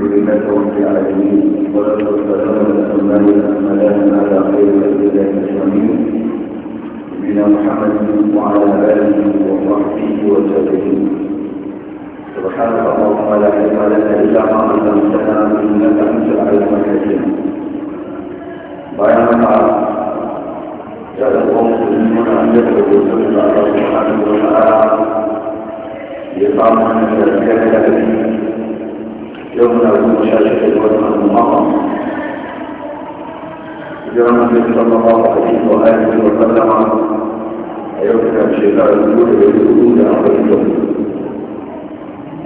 ولله رب العالمين والصلاه والسلام على الاكملان على خير خلق الله اجمعين نبينا محمد وعلى اله وصحبه وسلم سبحانك اللهم لا علم لنا الا ما علمتنا انك انت العليم الحكيم بيانك يا اخوان المسلمون ان يدعوا الله سبحانه وتعالى يقام من الكلمه يومنا المشايخ والمن المطر جرم صلى الله عليه وآله وسلم يومنا الشيطان الجود والجود عليكم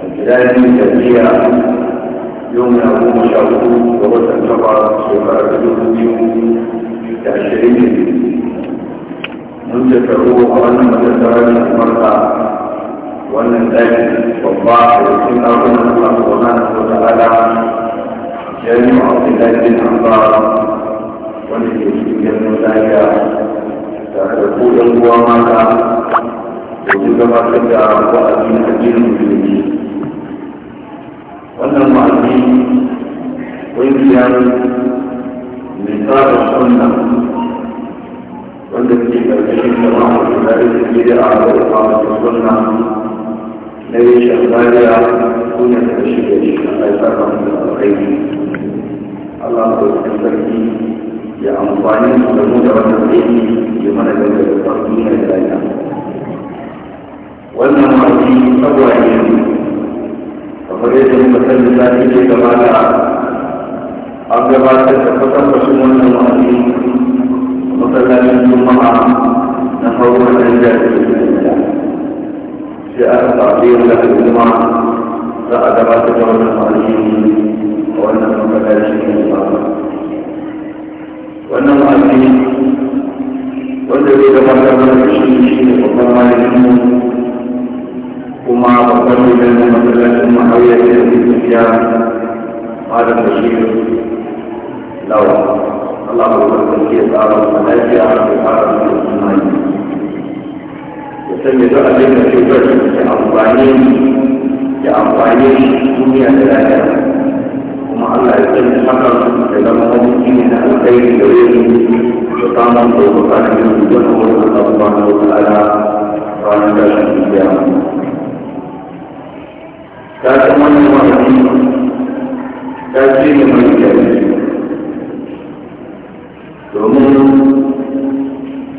البلاد الجزية يومنا المشايخ ووسن شفع الشيطان الجود تأشيرين منذ شعور أن متسرد المرأة wannan ɗaki babba a cikin ɗakunan Allah subhanahu wa ta'ala jami a cikin ɗakin Allah wanda ke cikin yanzu lafiya tare da ku ɗan uwa mata domin gabatar da wa'azi na addinin musulmi wannan ma'azi ƙungiyar misalin sunan wanda ke ƙarƙashin jama'a da ke da a da ƙwamata sunan na yi shambaliya kuna da shi da shi a haifar da alkhairi Allah da wasu sarki ya amfani da mu da wannan aiki ya mana da da farki na gaya wannan mafi tsagwaye kamar yadda muka sani sati ke da. an gabatar da kwatankwashin wannan mafi masallacin juma'a na farko da jami'in جاء تعطيل لك الجمعة فأدبت جمع الصالحين وأنه كذلك شيء وأنه مؤمن والذي تبرر من الشيء شيء وقام عليه وما تقبل من مثلا المحاوية في فيها هذا البشير لو الله أكبر كيف أعرف ملائكة أعرف أعرف الإسماعيل mutum ya zo abin da ke ya amfani ya amfani duniya da lafiya kuma Allah ya ce hakan da zama wani na alkhairi da wani da samun ɗaukaka da yin zuwa wani ranar ta ta wani wani ta ce ne mai kyau domin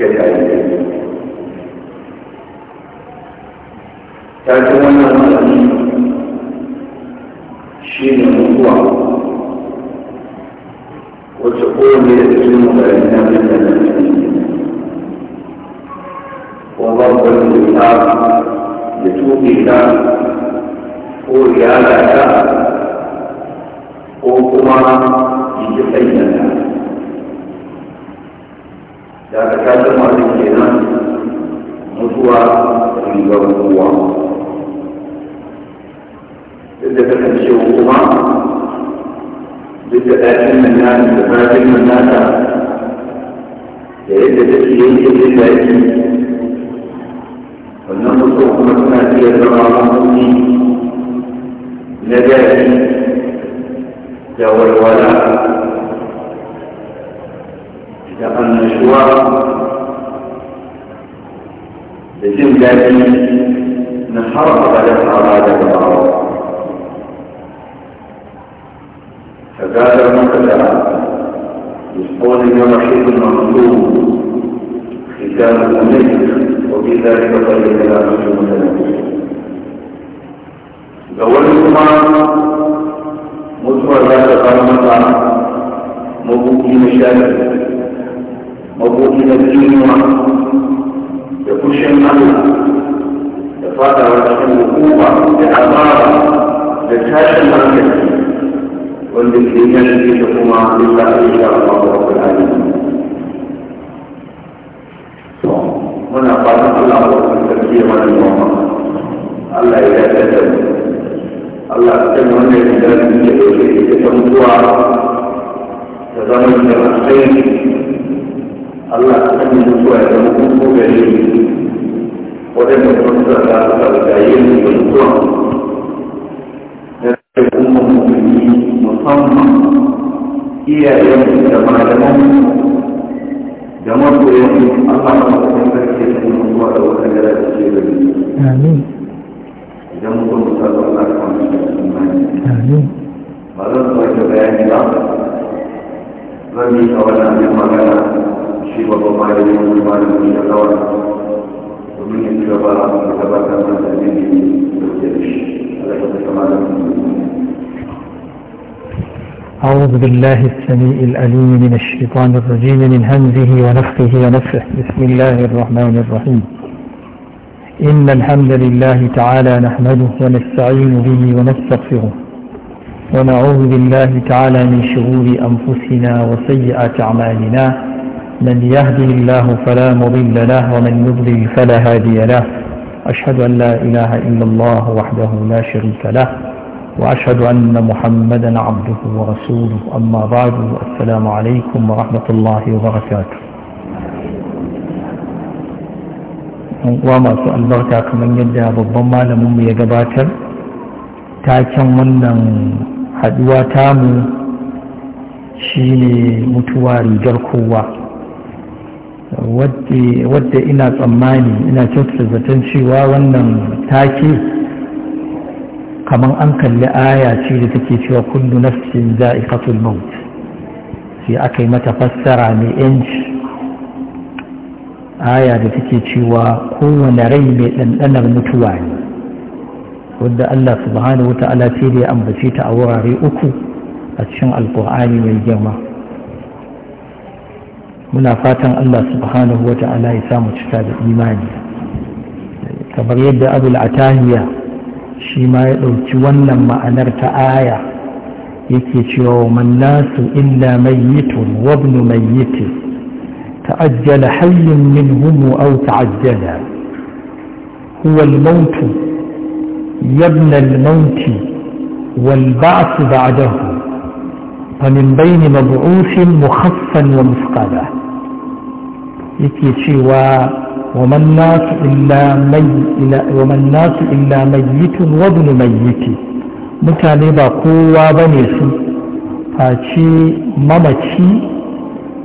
ta wannan malami shi ne mutuwa wacce kowane da cikin mutane na bin da na cikin ko ba ku wani da ta ya tuɓe ta ko ya ta ko kuma yi ta da aka kasar masu kenan mutuwa rigar kowa duk da kasancewa kuma duk da ɗakin nan na da zafin nan nata da yadda take yanke jin daɗi wannan mutuwa kuma suna iya zama mutuwa na daɗi da walwala يتم ذلك من حرق بلد عرادة العرب فكان المكتب يقول ان الرحيم المنصور ختام الامير وفي ذلك قيد الى رسول الله لو انتما مطوى ذات قرمطه مبوكي مشاكل مبوكي الدنيا يخش الله يفادى وجه الوقوفة لعذاب لتاشا مركز والذكرية التي تقوم لله إن شاء الله رب العالمين هنا قال الله التكبير والنعمة الله إذا كتب الله كتب هنا إذا كتب تمتوع تضمن الخير Allah ta yi mutuwa ya zama kuma gare ni waɗanda kuma suka ga ta ga yin mutuwa da ta kuma mummuni musamman iyayen da malaman da masoyan Allah ta kuma sarki da mutuwa da wata gara da ke gare Amin. Idan mutum ta zo Allah ta kuma sarki da Amin. Ba zan so ake bayani ba. Zan yi kawai na magana من أعوذ بالله السميع الأليم من الشيطان الرجيم من همزه ونفخه ونفخه بسم الله الرحمن الرحيم إن الحمد لله تعالى نحمده ونستعين به ونستغفره ونعوذ بالله تعالى من شرور أنفسنا وسيئات أعمالنا من يهدي الله فلا مضل له ومن يضلل فلا هادي له أشهد أن لا إله إلا الله وحده لا شريك له وأشهد أن محمدا عبده ورسوله أما بعد السلام عليكم ورحمة الله وبركاته وما سؤال بغتاك من يدى بالضمى لمم يقباتر تاكم من حدواتام شيني متواري جركوا wadda ina tsammani ina kyautata zaton cewa wannan take kamar an kalli aya ce da take cewa kullu nafsin za'iqatul maut sai aka yi mata fassara mai yanci aya da take cewa kowane rai mai ɗanɗanar mutuwa ne wadda Allah subhanahu wa ta'ala sai da ya ambace ta a wurare uku a cikin alkur'ani mai girma muna fatan Allah subhanahu wa ta'ala ya samu cika da imani kamar yadda abul atahiya shi ma ya ɗauki wannan ma'anar ta aya yake cewa man nasu illa mayyitun wa ibn mayyit ta'ajjala hayyun minhum aw ta'ajjala huwa al-maut yabna al-maut wal ba'th ba'dahu فمن بين مبعوث مخفا ومثقلا yake cewa waman nasu illa mayyitun wabnu mayyiti mutane ba kowa ba ne su face mamaci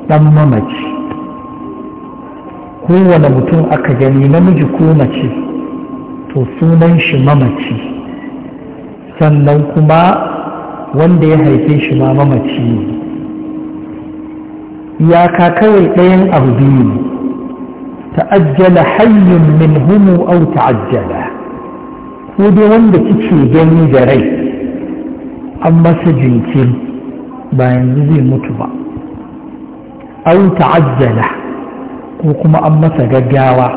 dan mamaci kowane mutum aka gani namiji ko mace to sunan shi mamaci sannan kuma wanda ya haife shi ma mamaci ne ka kawai ɗayan abu biyu ta'ajjala hayyun min humu au ta'ajjala ko dai wanda kike gani da rai an masa jinkiri ba yanzu zai mutu ba au ta'ajjala ko kuma an masa gaggawa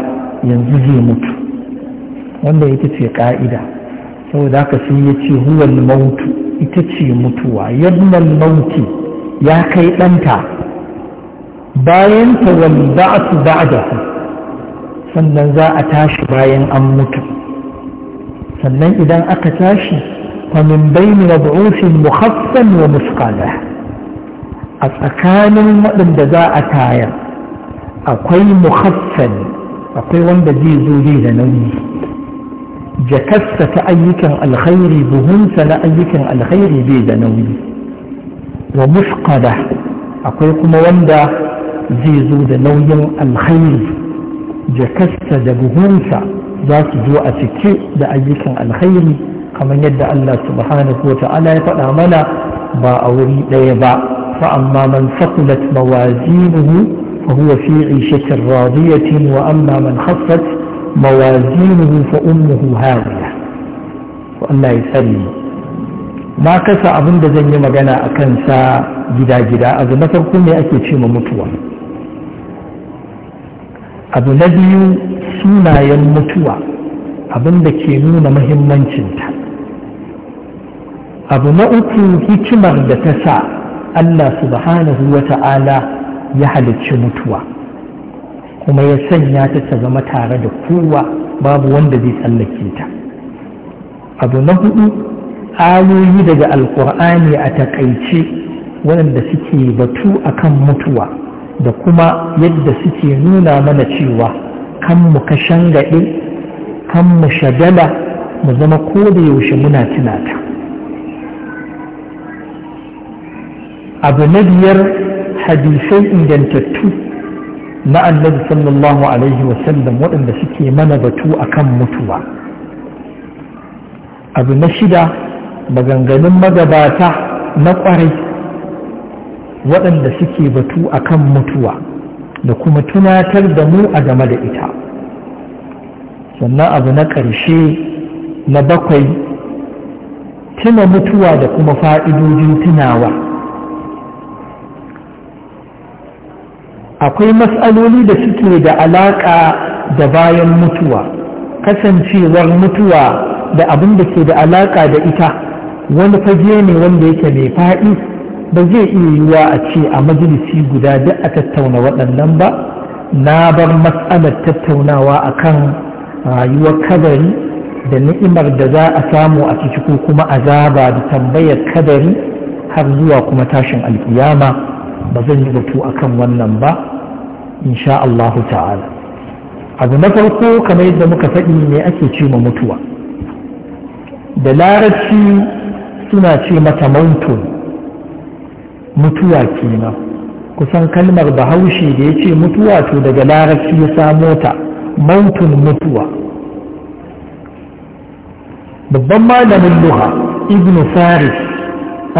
yanzu zai mutu wanda ita ce ka'ida saboda haka sai ya ce huwal mautu ita ce mutuwa yadda mauti ya kai ɗanta bayan ta wal ba'su ba'dahu sannan za a tashi bayan an mutu sannan idan aka tashi fa min bayni wad'ufin mukhaffan wa musqalah a tsakanin waɗanda za a tayar akwai mukhaffan akwai wanda zai zo zai da nauyi jakasta ta ayyukan alkhairi buhunsa na ayyukan alkhairi zai da nauyi wa musqada akwai kuma wanda zai zo da nauyin alkhairi jakarsa da buhunsa za su zo a cike da ayyukan alkhairi kamar yadda Allah subhanahu wa ta'ala ya faɗa mana ba a wuri ɗaya ba fa amma man sakulat mawazinuhu fa huwa fi 'ishatin radiyatin wa amma man khaffat mawazinuhu fa ummuhu hawiya to Allah ya tsare na kasa abin da zan yi magana a kansa gida-gida abu na farko ne ake ce ma mutuwa abu na biyu sunayen mutuwa abinda ke nuna mahimmancinta abu na uku hikimar da ta sa Allah subhanahu wa ta'ala ya halicci mutuwa kuma ya sanya ta ta zama tare da kowa babu wanda zai tsallake ta abu na hudu ayoyi daga alkur'ani a takaice waɗanda suke batu akan mutuwa da kuma yadda suke nuna mana cewa kan mu ka shangaɗe kan mu shagala mu zama ko da yaushe muna tunata abu na biyar hadisai ingantattu na annabi sallallahu alaihi wasallam waɗanda suke mana batu akan mutuwa abu na shida maganganun magabata na ƙwarai waɗanda suke batu akan mutuwa da kuma tunatar da mu a game da ita sannan abu na ƙarshe na bakwai tuna mutuwa da kuma fa'idojin tunawa akwai matsaloli da suke da alaƙa da bayan mutuwa kasancewar mutuwa da abin da ke da alaƙa da ita wani fage ne wanda yake mai faɗi ba zai iya yiwuwa a ce a majalisi guda duk a tattauna waɗannan ba na bar matsalar tattaunawa a kan rayuwar kadari da ni'imar da za a samu a ciki ko kuma azaba da tambayar kadari har zuwa kuma tashin alkiyama ba zan yi batu a kan wannan ba insha Allah ta'ala abu na farko kamar yadda muka faɗi ne ake ce ma mutuwa da larabci suna ce mata mautun mutuwa kenan kusan kalmar bahaushe da ya ce mutuwa to daga larabci ya samo ta mautun mutuwa babban malamin luha ibn faris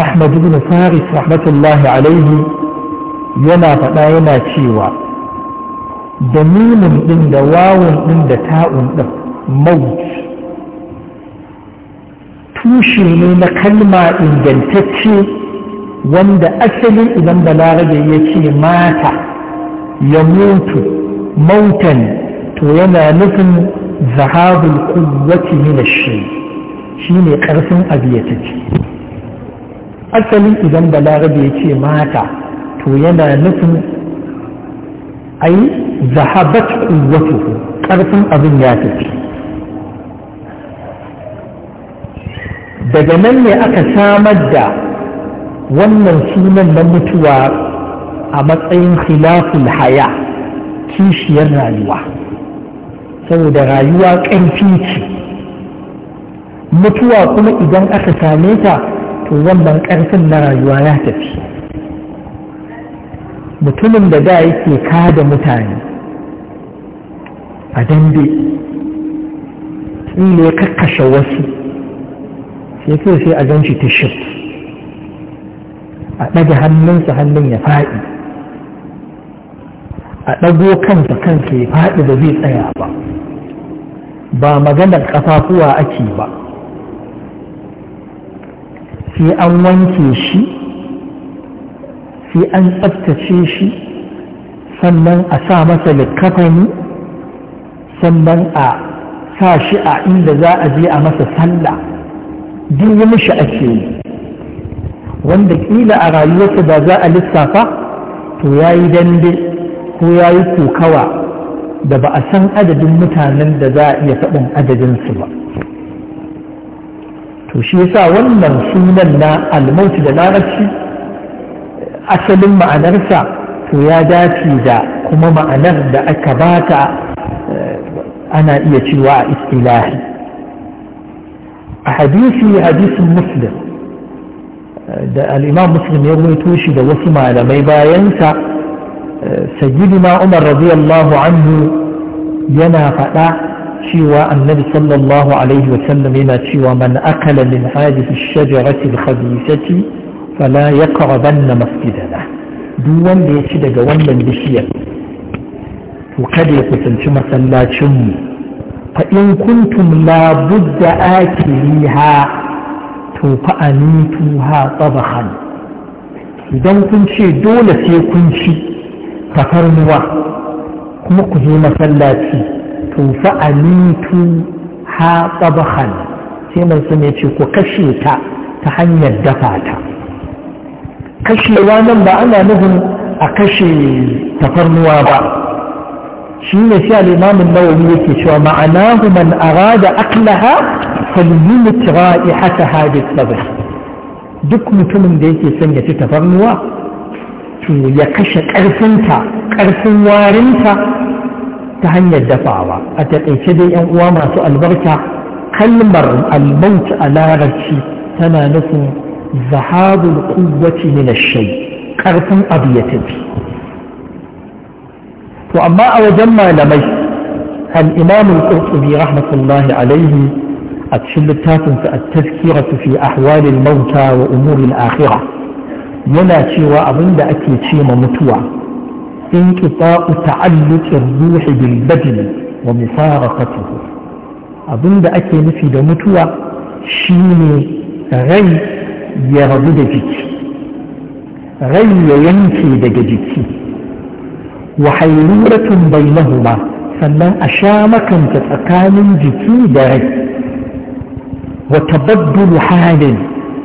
ahmad ibn faris rahmatullahi alaihi yana faɗa yana cewa da mimin ɗin da wawun ɗin da ta'un ɗin maut tushe ne na kalma ingantacce wanda asali idan balarabe ya ce mata ya mutu mautan to yana nufin zahabul kuwwati min ash-shay shine karfin abiyataci asali idan balarabe ya ce mata to yana nufin ai zahabat kuwwatuhu karfin abin ya tafi daga nan ne aka samar da wannan sunan na mutuwa a matsayin khilaful haya kishiyar rayuwa saboda rayuwa ƙarfi ce mutuwa kuma idan aka same ta to wannan ƙarfin na rayuwa ya tafi mutumin da da yake kada mutane a dambe ne ya kakkashe wasu sai sai a gan shi ta shift a ɗaga hannunsa hannun ya faɗi a ɗago kansa kansa ya faɗi da zai tsaya ba ba maganar ƙafafuwa ake ba sai an wanke shi sai an tsaftace shi sannan a sa masa likafani sannan a sa shi a inda za a je a masa sallah duk yi mishi ake yi wanda kila a rayuwarsa ba za a lissafa to ya yi dambe ko ya yi kokawa da ba a san adadin mutanen da za a iya taɓin adadinsu ba to shi yasa wannan sunan na almauti da larabci asalin ma'anarsa to ya dace da kuma ma'anar da aka bata eh, ana iya cewa a istilahi a hadisi hadisin muslim da al'imam muslim ya ruwaito shi da wasu malamai bayansa ma umar radiyallahu anhu yana faɗa cewa annabi sallallahu alaihi wasallam yana cewa man akala min hadhihi ash-shajarati al-khabithati fala yaqrabanna masjidana duk wanda ya ci daga wannan bishiyar to kada ya kusanci masallacin mu fa in kuntum la budda akiliha to fa'anitu ha tsabahan idan kun ce dole sai kun ci tafarnuwa kuma ku je masallaci to fa'anitu ha tsabahan sai mai sun ce ku kashe ta ta hanyar dafa ta kashewa nan ba ana nufin a kashe tafarnuwa ba شين شاء الإمام النووي يكشوى معناه من أراد أكلها فليمت رائحتها بالصبر duk mutumin da yake son ya ci tafarnuwa to ya kashe ƙarfinta ƙarfin warinta ta hanyar dafawa a taƙaice dai yan uwa masu albarka kalmar almaut a larabci tana nufin zahabul kuwaci min shai, ƙarfin abu ya tafi to amma a wajen malamai al-imam al-qurtubi rahmatullahi alaihi a cikin littafin sa at-tazkiratu fi ahwal mauta wa umurin akhira. yana cewa abinda ake ce ma mutuwa in qita'u ta'alluq ar bil badn wa mifaraqatuhu abinda ake nufi da mutuwa shine rai ya rabu da jiki rai ya yanke daga jiki و بينهما سنن أشامة كنت تتقان جثي داعي وتبدل حال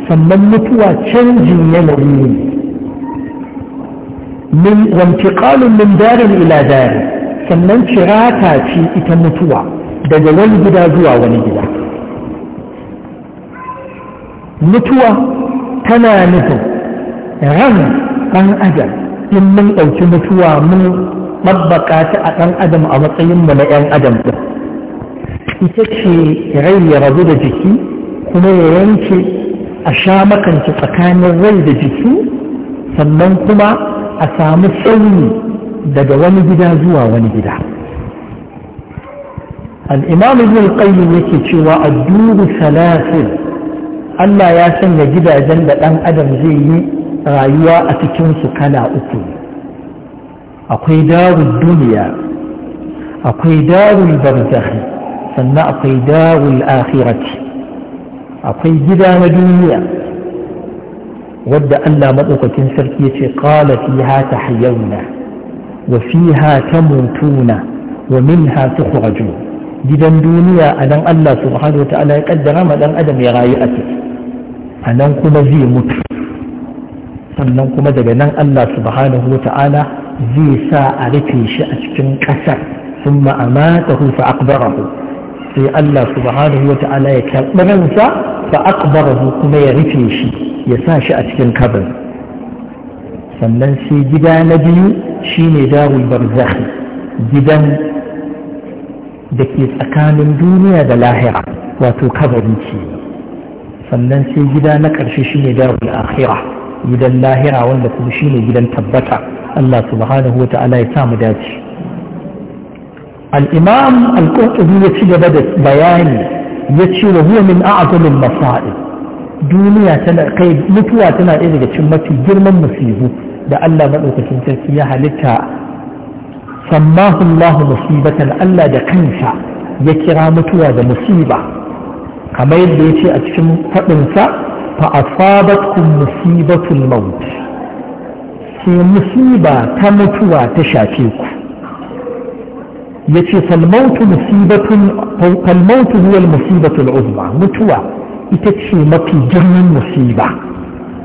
سنن متوى تشنج يلوي وانتقال من دار الى دار سنن شراكاتي ا ت م ت و ى بل ولدها جوى رغم ان اجل in mun ɗauki mutuwa mun mabbaka ta a ɗan adam a matsayinmu na ‘yan adam ɗin ita ce rai ya rabu da jiki kuma ya yanke a sha makance tsakanin rai da jiki sannan kuma a samu sauyi daga wani gida zuwa wani gida al'imam ibn al-qayyim yake cewa a duru salasin Allah ya sanya gidajen da ɗan adam zai yi rayuwa a cikinsu kala uku akwai darul duniya akwai darul barzakhi sannan akwai dawul akhirati akwai gida na duniya wadda Allah maɗaukakin sarki ya ce ƙala fiha ta hayauna wa fiha ta mutuna wa minha tukhraju gidan duniya a nan Allah subhanahu wa ta'ala ya kaddara ma dan adam ya rayu a ciki a nan kuma zai mutu sannan kuma daga nan Allah subhanahu wa ta'ala zai sa a rufe shi a cikin ƙasar sun ma'amata fa akbarahu sai Allah subhanahu wa ta'ala ya karɓi ransa fa akbarahu kuma ya rufe shi ya sa shi a cikin kabin sannan sai gida na biyu ne darul barzakh gidan da ke tsakanin duniya da lahira wato kabari ce sannan sai gida na ƙarshe shine darul akhirah gidan lahira wanda kuma shine gidan tabbata Allah subhanahu wa ta'ala ya samu dace al-imam al-qurtubi ya ci gaba da bayani ya ce wa huwa min a'zamil masa'ib duniya tana kai mutuwa tana ɗaya daga cikin mafi girman musibu da Allah madaukakin sarki ya halitta sammahu Allah musibatan Allah da kansa ya kira mutuwa da musiba kamar yadda ya ce a cikin faɗinsa فأصابتكم مصيبة الموت في مصيبة تمتوا تشاكيكم يتي فالموت مصيبة فالموت هو المصيبة العظمى متوا إتتشي مطي جرم مصيبة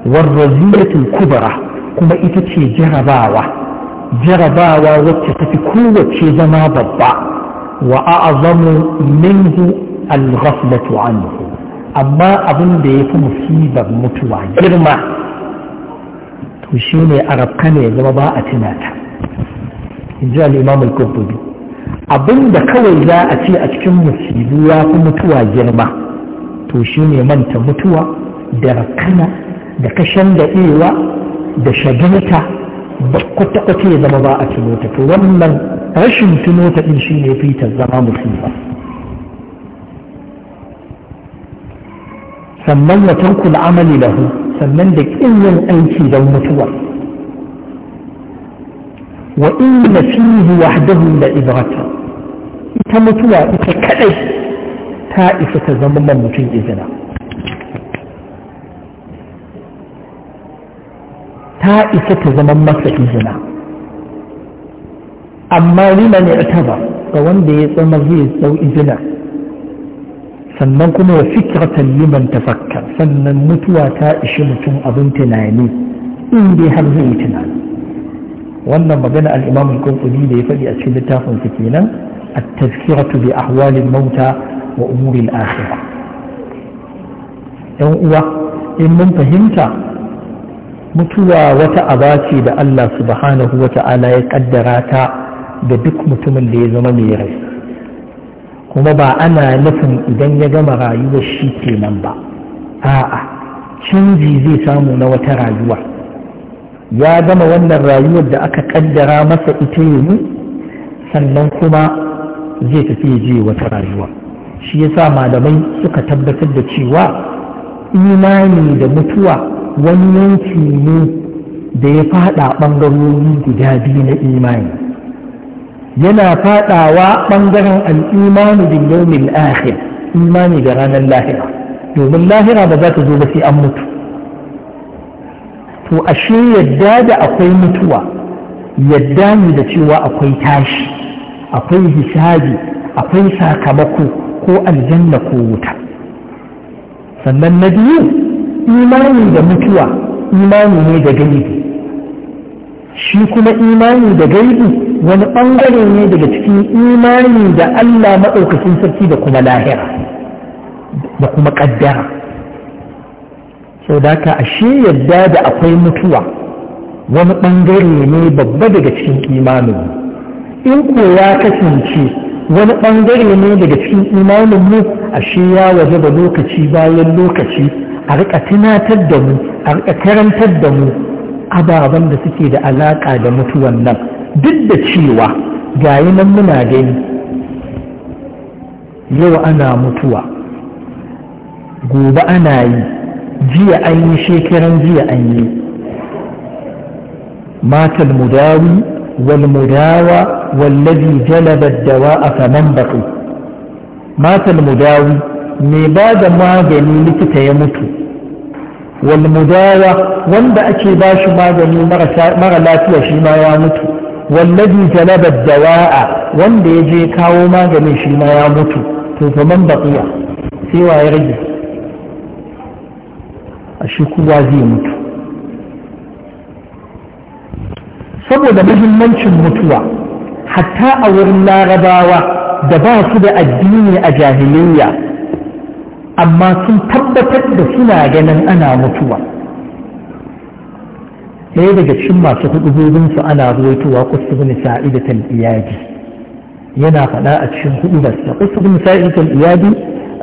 والرزية الكبرى كما إتتشي جرباوة جرباوة وتتكوة زما ضبع وأعظم منه الغفلة عنه amma abin da ya fi musibar mutuwa girma to shi ne arabka ne ya zama ba a tunata. in ji al'imam al abin da kawai za a ce a cikin musibu ya fi mutuwa girma to shi ne manta mutuwa da rakana da kashen da ewa da shaginta ba ya zama ba a tuno to wannan rashin tunota din shi ne fitar zama musibar. sannan wa tankul amali lahu sannan da kin yin aiki don mutuwa wa inna fihi wahdahu da ibrata ita mutuwa ita kadai ta isa ta zama man mutum izina ta isa ta zama masa izina amma liman ya ga wanda ya tsama zai tsau izina sannan kuma wa fikratan liman tafakkar sannan mutuwa ta ishi mutum abin tunani in dai har zai yi tunani wannan magana al-imam al-qurtubi da ya faɗi a cikin littafin sa kenan at-tazkiratu bi ahwalil mauta wa umuril akhirah yan uwa in mun fahimta mutuwa wata aba ce da Allah subhanahu wa ta'ala ya kaddara ta da duk mutumin da ya zama mai rai kuma ba ana nufin idan ya gama rayuwar shi kenan ba a'a canji zai samu na wata rayuwa ya gama wannan rayuwar da aka kaddara masa ita yanzu sannan kuma zai tafi je wata rayuwa shi yasa malamai suka tabbatar da cewa imani da mutuwa wani yanki ne da ya fada ɓangarori guda biyu na imani yana fadawa bangaren alimani bil yawmil akhir imani da ranar lahira domin lahira ba za ta zo ba sai an mutu to ashe yadda da akwai mutuwa yadda ne da cewa akwai tashi akwai hisabi akwai sakamako ko aljanna ko wuta sannan na biyu imani da mutuwa imani ne da gaibi shi kuma imani da gaibi wani bangare ne daga cikin imani da Allah maɗaukakin sarki da kuma lahira da kuma ƙaddara sau da ka ashe yadda da akwai mutuwa wani ɓangare ne babba daga cikin imaninmu. in ko ya kasance wani ɓangare ne daga cikin imanin mu ashe ya waje da lokaci bayan lokaci a rika tunatar da mu a rika karantar da mu ababen da suke da alaƙa da mutuwan nan duk da cewa gayi nan muna gani yau ana mutuwa gobe ana yi jiya an yi shekaran jiya an yi matan mudawi wal mudawa wallazi jalabar dawa a saman baku matan mudawi mai ba magani likita ya mutu wal mudawa wanda ake bashi magani mara lafiya shi ya mutu wallazi jalaba dawa'a wanda ya je kawo maganin shi ma ya mutu to faman baqiya sai wa ya rage a shi kowa zai mutu saboda muhimmancin mutuwa hatta a wurin larabawa da ba su da addini a jahiliyya amma sun tabbatar da suna ganin ana mutuwa ɗaya daga cikin masu hudubobin su ana ruwaitowa kusa bin sa'ida tal iyadi yana faɗa a cikin hudubarsa kusa bin sa'ida tal iyadi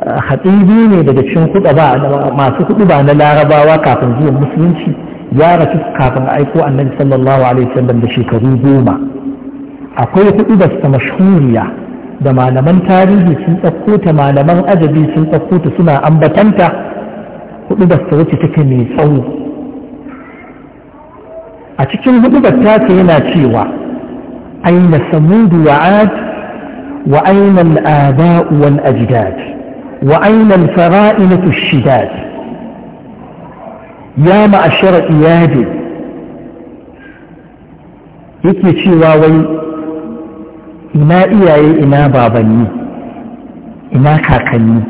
eh, hatibi ne daga cikin ba masu huduba na larabawa kafin zuwan musulunci ya rasu kafin aiko annabi sallallahu alaihi wasallam da shekaru goma akwai hudubarsa mashhuriya da malaman tarihi sun ɗauko ta malaman ajabi sun ɗauko ta suna ambatanta hudubarsa wacce take mai tsawo a cikin hudubar tasa yana cewa aina samudu wa ad wa aina al'ada wal ajdad wa aina al-fara'inatu shidad ya ma'ashara iyadi yake cewa wai ina iyaye ina babanni ina kakanni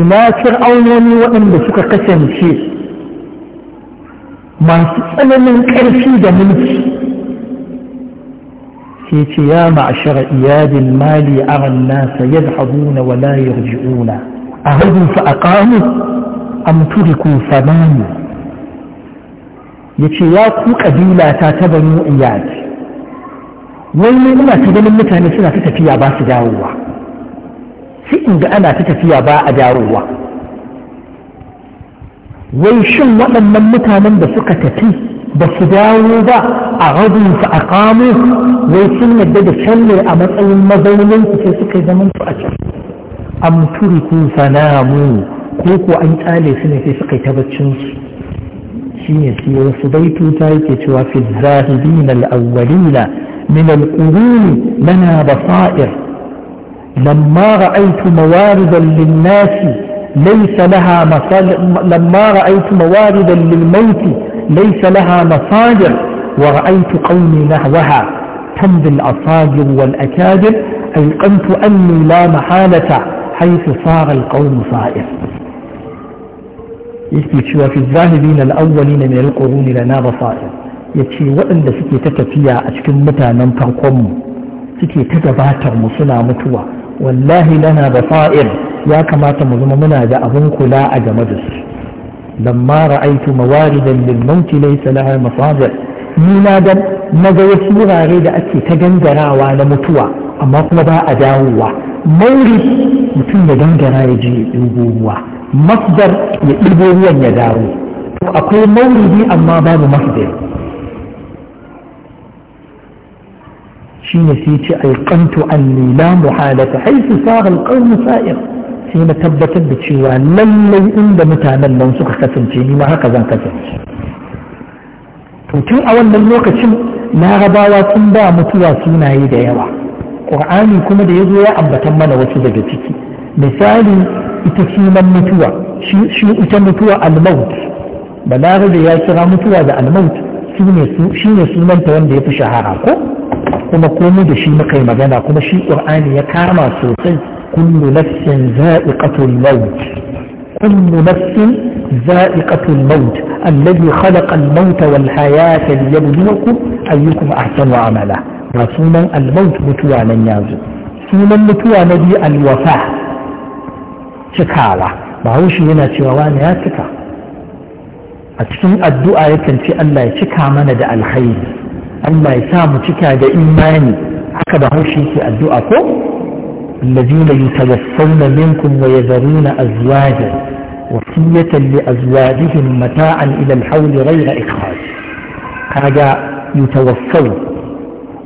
ina fir'aunoni waɗanda suka kasance masu tsananin ƙarfi da mulki sai ce ya ma'ashara iyadin mali aran nasa yadhabuna wa la yarji'una ahadu fa aqamu am turiku famani yace ya ku kabila ta ta banu iyad wai ne ina ta ganin mutane suna ta tafiya ba su dawowa sai in ga ana ta tafiya ba a dawowa wai shin waɗannan mutanen da suka tafi ba su dawo ba a rabin su a kamo wai sun yadda da shalle a matsayin mazaunin su sai suka yi zaman su a can am turiku salamu ko ko an tsale su ne sai suka yi tabbacin su shine su yi wasu baituta yake cewa fi zahidin al-awwalina min al-qurun lana basair lamma ra'aytu mawaridan lin-nasi ليس لها مصادر لما رأيت مواردا للموت ليس لها مصادر ورأيت قومي نحوها تمضي الأصادر والأكادر أيقنت أني لا محالة حيث صار القوم صائر يتشوى في الذاهبين الأولين من القرون لنا بصائر يكفي وإن سكي تتفيا أشكل متى من قوم سكي تتباتر مصنع متوى والله لنا بصائر ya kamata mu zama muna da abin kula a game da su lamma ra'aitu mawaridan lil mauti laysa laha masadir ni na na ga wasu wurare da ake ta gangarawa na mutuwa amma kuma ba a dawowa mauri mutum ya gangara ya je ya ɗigo ruwa masdar ya ɗigo ruwan ya dawo akwai mauridi amma babu masdar شين سيتي أيقنت أني لا محالة حيث ساغ القوم سائر sai na tabbatar da cewa lallai inda mutanen nan suka kasance ni ma haka zan kasance to tun a wannan lokacin larabawa sun ba mutuwa sunaye da yawa ƙur'ani kuma da ya zo ya ambatan mana wasu daga ciki misali ita sunan mutuwa shi ita mutuwa almaut balarabe ya kira mutuwa da almaut shi ne sunanta wanda ya fi shahara ko kuma komai da shi muka yi magana kuma shi ƙur'ani ya kama sosai kullu nafsin za'iqatul maut kullu nafsin za'iqatul maut alladhi khalaqa al-maut wal hayata liyabluwakum ayyukum ahsanu amala ba sunan al-maut mutuwa nan yazo sunan mutuwa na biyu al-wafa ba bahaushe yana cewa wani ya cika a cikin addu'a yakan ce Allah ya cika mana da alkhairi Allah ya sa cika da imani aka ba haushi ke addu'a ko الذين يتوفون منكم ويذرون أزواجا وصية لأزواجهم متاعا إلى الحول غير إخراج هذا يتوفون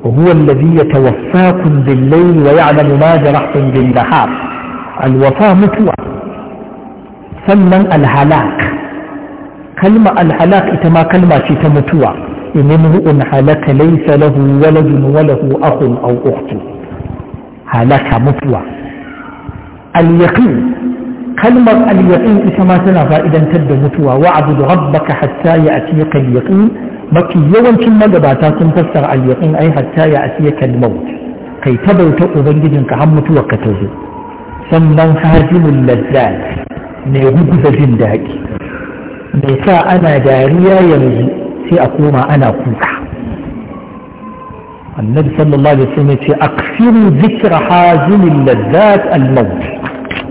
وهو الذي يتوفاكم بالليل ويعلم ما جرحتم بالنهار الوفاة متوى ثم الهلاك كلمة الهلاك إتما كلمة تمتوى منه ان هلك ليس له ولد وله اخ او اخت هلك مطوع اليقين كلمة اليقين كما سنة فائدا تد مطوع وعبد ربك حتى يأتيك اليقين بك يوان كما لباتات تفسر اليقين اي حتى يأتيك الموت كي تبو تقبل جدنك هم توقته سنة هازم اللذات نيغوك فزندهك نساء انا داريا يمزي sai a koma ana kuka annabi sallallahu alaihi wasallam ce aksiru zikra hazilil lazzat al maut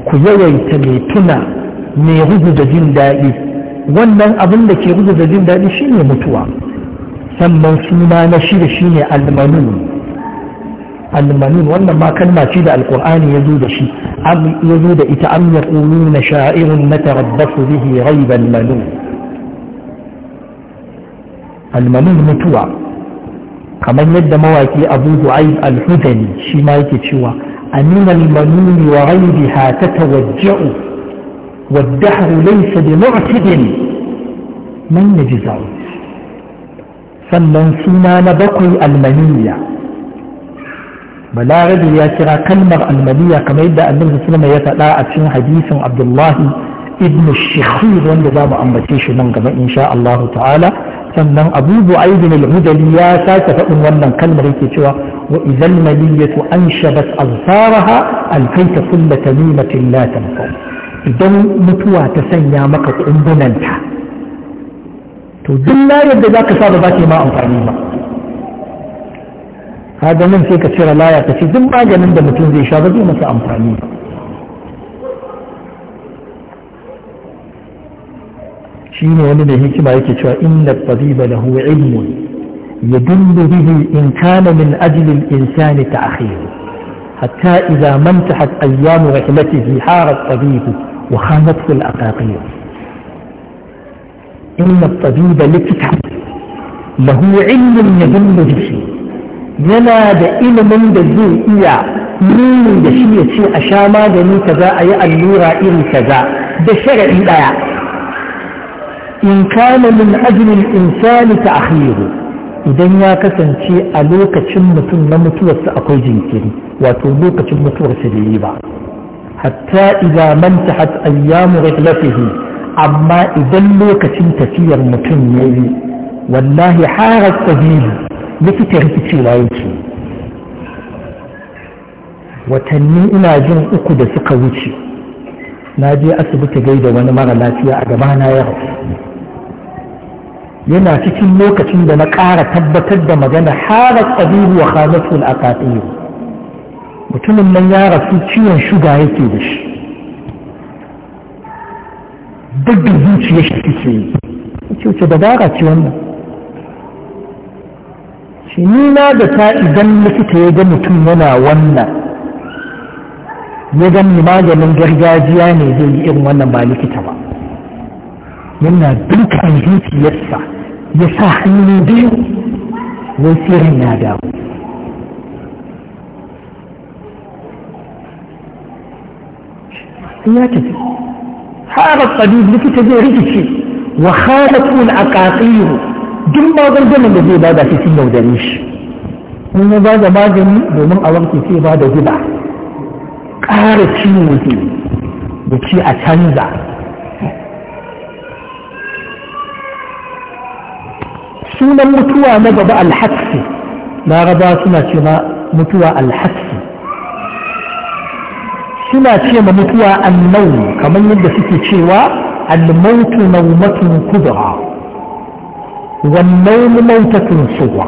ku yawaita mai tuna mai rugu da jin daɗi wannan abin da ke rugu da jin daɗi shine mutuwa sannan suna na shida shine almanun almanun wannan ma kalma ce da alkur'ani ya zo da shi ya zo da ita am yaquluna sha'irun natarabbasu bihi raibal manun almanin mutuwa kamar yadda mawaki abu zu'aib al-hudani shi ma yake cewa amin al-manuni wa ghaibiha tatawajja'u والدهر ليس بمعتد من sannan suna na bakwai almaniya balarabi ya kira kalmar almaniya kamar yadda annabi sallama ya faɗa a cikin hadisin abdullahi ibn shikhir wanda za mu ambace shi nan gaba insha Allah ta'ala sannan abu bu'aidin al-hudali ya sake faɗin wannan kalmar yake cewa wa idan maliyatu anshabat azfaraha alkaita kulla tamimatin la tanfa idan mutuwa ta sanya maka kumbunanta to duk layar da zaka saba ba ta ma amfani ba kaga nan sai ka cire laya ka ce duk maganin da mutum zai sha ba zai masa amfani ba shine wani da hikima yake cewa inna tabiba lahu ilmun yadullu bihi in kana min ajli al insan ta'khir hatta idha mantahat ayyam rihlatihi hara tabib wa khanat al-aqaqir inna tabiba likita lahu ilmun yadullu bihi yana da ilmin da zai iya nuni da shi ya ce a sha magani kaza a yi allura irin kaza da shari'i daya in kana min ajlin insani ta akhiru idan ya kasance a lokacin mutum na mutuwarsa akwai jinkiri wato lokacin mutuwarsa da yi ba hatta idza hat ayyamu rihlatihi amma idan lokacin tafiyar mutum yayi wallahi harat sabilu likita rikicewa yake watanni ina jin uku da suka wuce na je asibiti gaida wani mara lafiya a gabana ya rasu yana cikin lokacin da na ƙara tabbatar da magana harar tsabiru wa khalatul aqatiyu mutumin nan ya rasu ciwon shuga yake da shi duk da zuciya shi take yi ce dabara ce wannan shi ni na da ta idan likita ya ga mutum yana wannan ya gani maganin gargajiya ne zai yi irin wannan ba likita ba yana dukkan zuciyarsa ya sa hannu biyu wai sirin ya dawo ya tafi harar tsadi likita zai rikice wa kula a ƙasiru duk magungunan da zai ba da sun yaudare shi in ya ba da magani domin a wanke sai ba da guda ƙara ciwo ne da ci a canza sunan mutuwa na gaba alhassi laraba suna ce ma mutuwa alhassi suna ce ma mutuwa annau kamar yadda suke cewa almautu naumatun kubra wannan mautatun suwa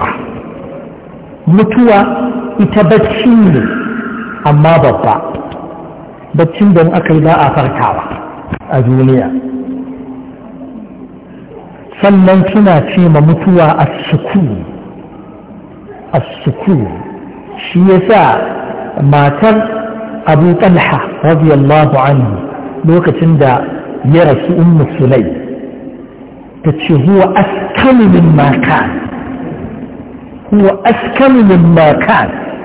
mutuwa ita bacci ne amma babba baccin da aka yi ba a farkawa a duniya sannan suna ce ma mutuwa A suku shi yasa matar abu talha radiyallahu anhu lokacin da ya rasu ummu sulai ta ce huwa askami min makan huwa askami min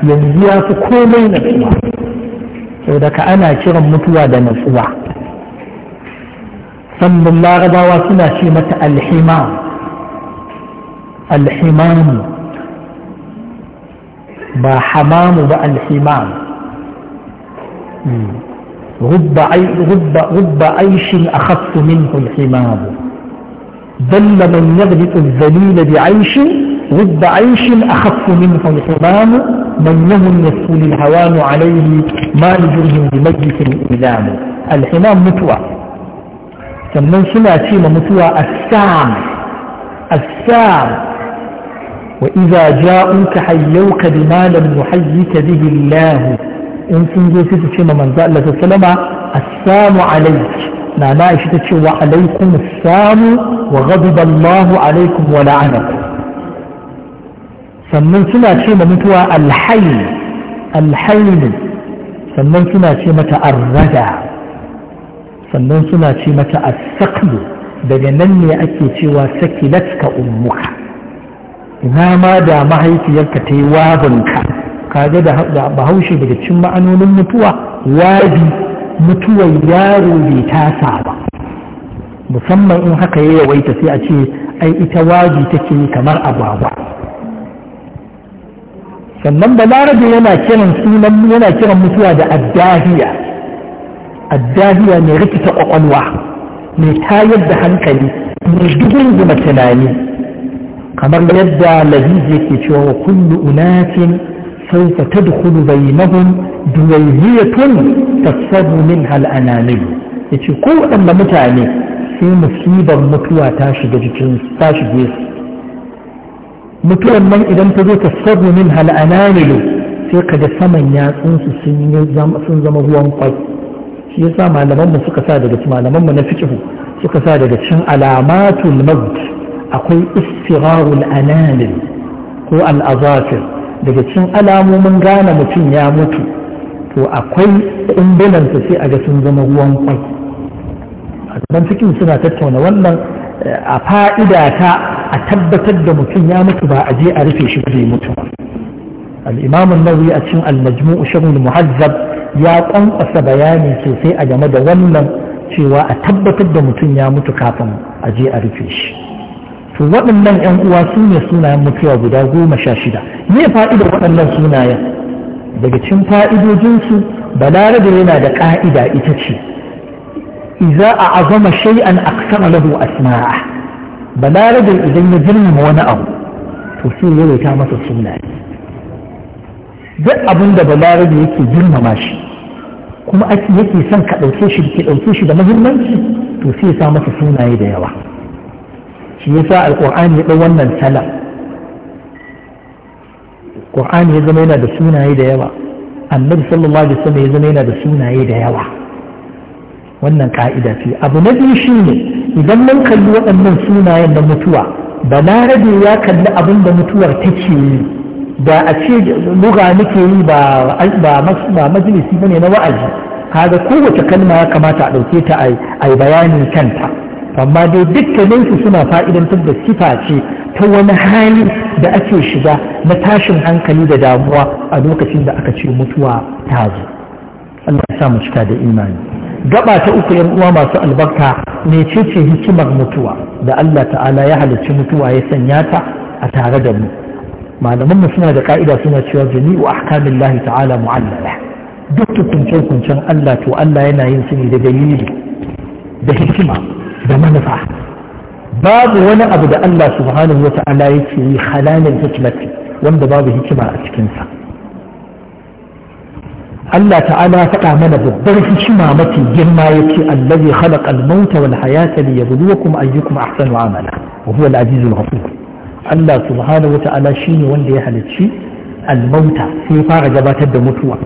yanzu ya fi komai natsuwa sau daga ana kiran mutuwa da natsuwa sannan larabawa suna الحمام الحمام alhimam با ba hamamu ba غب رب عيش أخف منه الحمام ذل من يغلق الذليل بعيش رب عيش أخف منه الحمام من يهم يسول الهوان عليه ما لجرهم بمجلس الإلام الحمام متوى sannan suna ce ma mutuwa assam assam wa iza ja'uka hayyauka bima lam yuhayyika bihi Allah in sun je su ce ma manzo Allah sallama assamu alayk na na shi ta ce wa alaykum assam wa ghadiba Allah alaykum wa la'ana sannan suna ce ma mutuwa alhayy alhayy sannan suna ce mata arrada sannan suna ce mata a saqlu daga nan ne ake cewa sakilatka ummuka ina ma da mahaifiyarka ta yi wabinka kaga da bahaushe daga cin ma'anonin mutuwa wabi mutuwar yaro bai tasa ba musamman in haka ya yawaita sai a ce ai ita wabi take kamar agwagwa sannan balarabe yana kiran sunan yana kiran mutuwa da addahiya الداهية من ركت قلوة من تاية بحلقة من جبن بمتناني كما يدى لذيذ يكتشو وكل أناس سوف تدخل بينهم دويهية تفسد منها الأناني يتشو كو أما متعني في مصيبة مطوعة تاشد تاشد mutu wannan idan ta zo ta sabu min hal'ananilu sai ka da saman yatsunsu sun zama shi yasa malamanmu mu suka sa daga cikin malaman mu na fiqh suka sa daga cikin alamatul maut akwai istigharul ananil ko al daga cikin alamomin gane mutum ya mutu to akwai kumbulan sai a ga sun zama ruwan kwai dan cikin suna tattauna wannan eh, a fa'ida ta a tabbatar da mutum ya mutu ba a je a rufe shi bai mutu al-imam a cikin al-majmu' sharh muhazzab ya ƙwanƙwasa bayani sosai a game da wannan cewa a tabbatar da mutum ya mutu kafin a je a rufe shi to waɗannan 'yan uwa su ne sunayen mutuwa guda goma sha shida me fa'idar waɗannan sunayen daga cin fa'idojinsu balarabe yana da ƙa'ida ita ce iza a azama shay'an aksara lahu asma'a balarabe idan ya girmama wani abu to sai ya ta masa sunaye duk abin da balarabe yake girmama shi kuma ake yake son ka ɗauke shi ke ɗauke shi da muhimmanci to sai sa masa sunaye da yawa shi yasa alƙur'ani ya ɗau wannan sala ƙur'ani ya zama yana da sunaye da yawa annabi sallallahu alaihi wasallam ya zama yana da sunaye da yawa wannan ka'ida ce abu na biyu shine idan mun kalli waɗannan sunayen na mutuwa balarabe ya kalli abin da mutuwar take yi da a ce luga nake yi ba majalisi ne na wa'azi kaga kowace kalma ya kamata a ɗauke ta a yi bayanin kanta amma dai dukkaninsu suna fa'idantar da sifa ce ta wani hali da ake shiga na tashin hankali da damuwa a lokacin da aka ce mutuwa ta zo Allah ya sa mu cika da imani gaba ta uku yan uwa masu albarka ne ce ce hikimar mutuwa da Allah ta'ala ya halicci mutuwa ya sanya ta a tare da mu malaman suna da ka'ida suna cewa jami'u ahkamin lahi ta'ala mu'allala duk kunce-kuncen Allah to Allah yana yin su ne da dalili da hikima da manufa babu wani abu da Allah subhanahu wa ta'ala yake yi halalin hikimati wanda babu hikima a cikinsa Allah ta'ala faɗa mana babbar hikima mafi girma yake allazi khalaqa al-mauta wal hayata liyabluwakum ayyukum ahsanu amala wa huwa al-azizul ghafur Allah subhanahu wa ta'ala shine wanda ya halicci almauta sai fara gabatar da mutuwa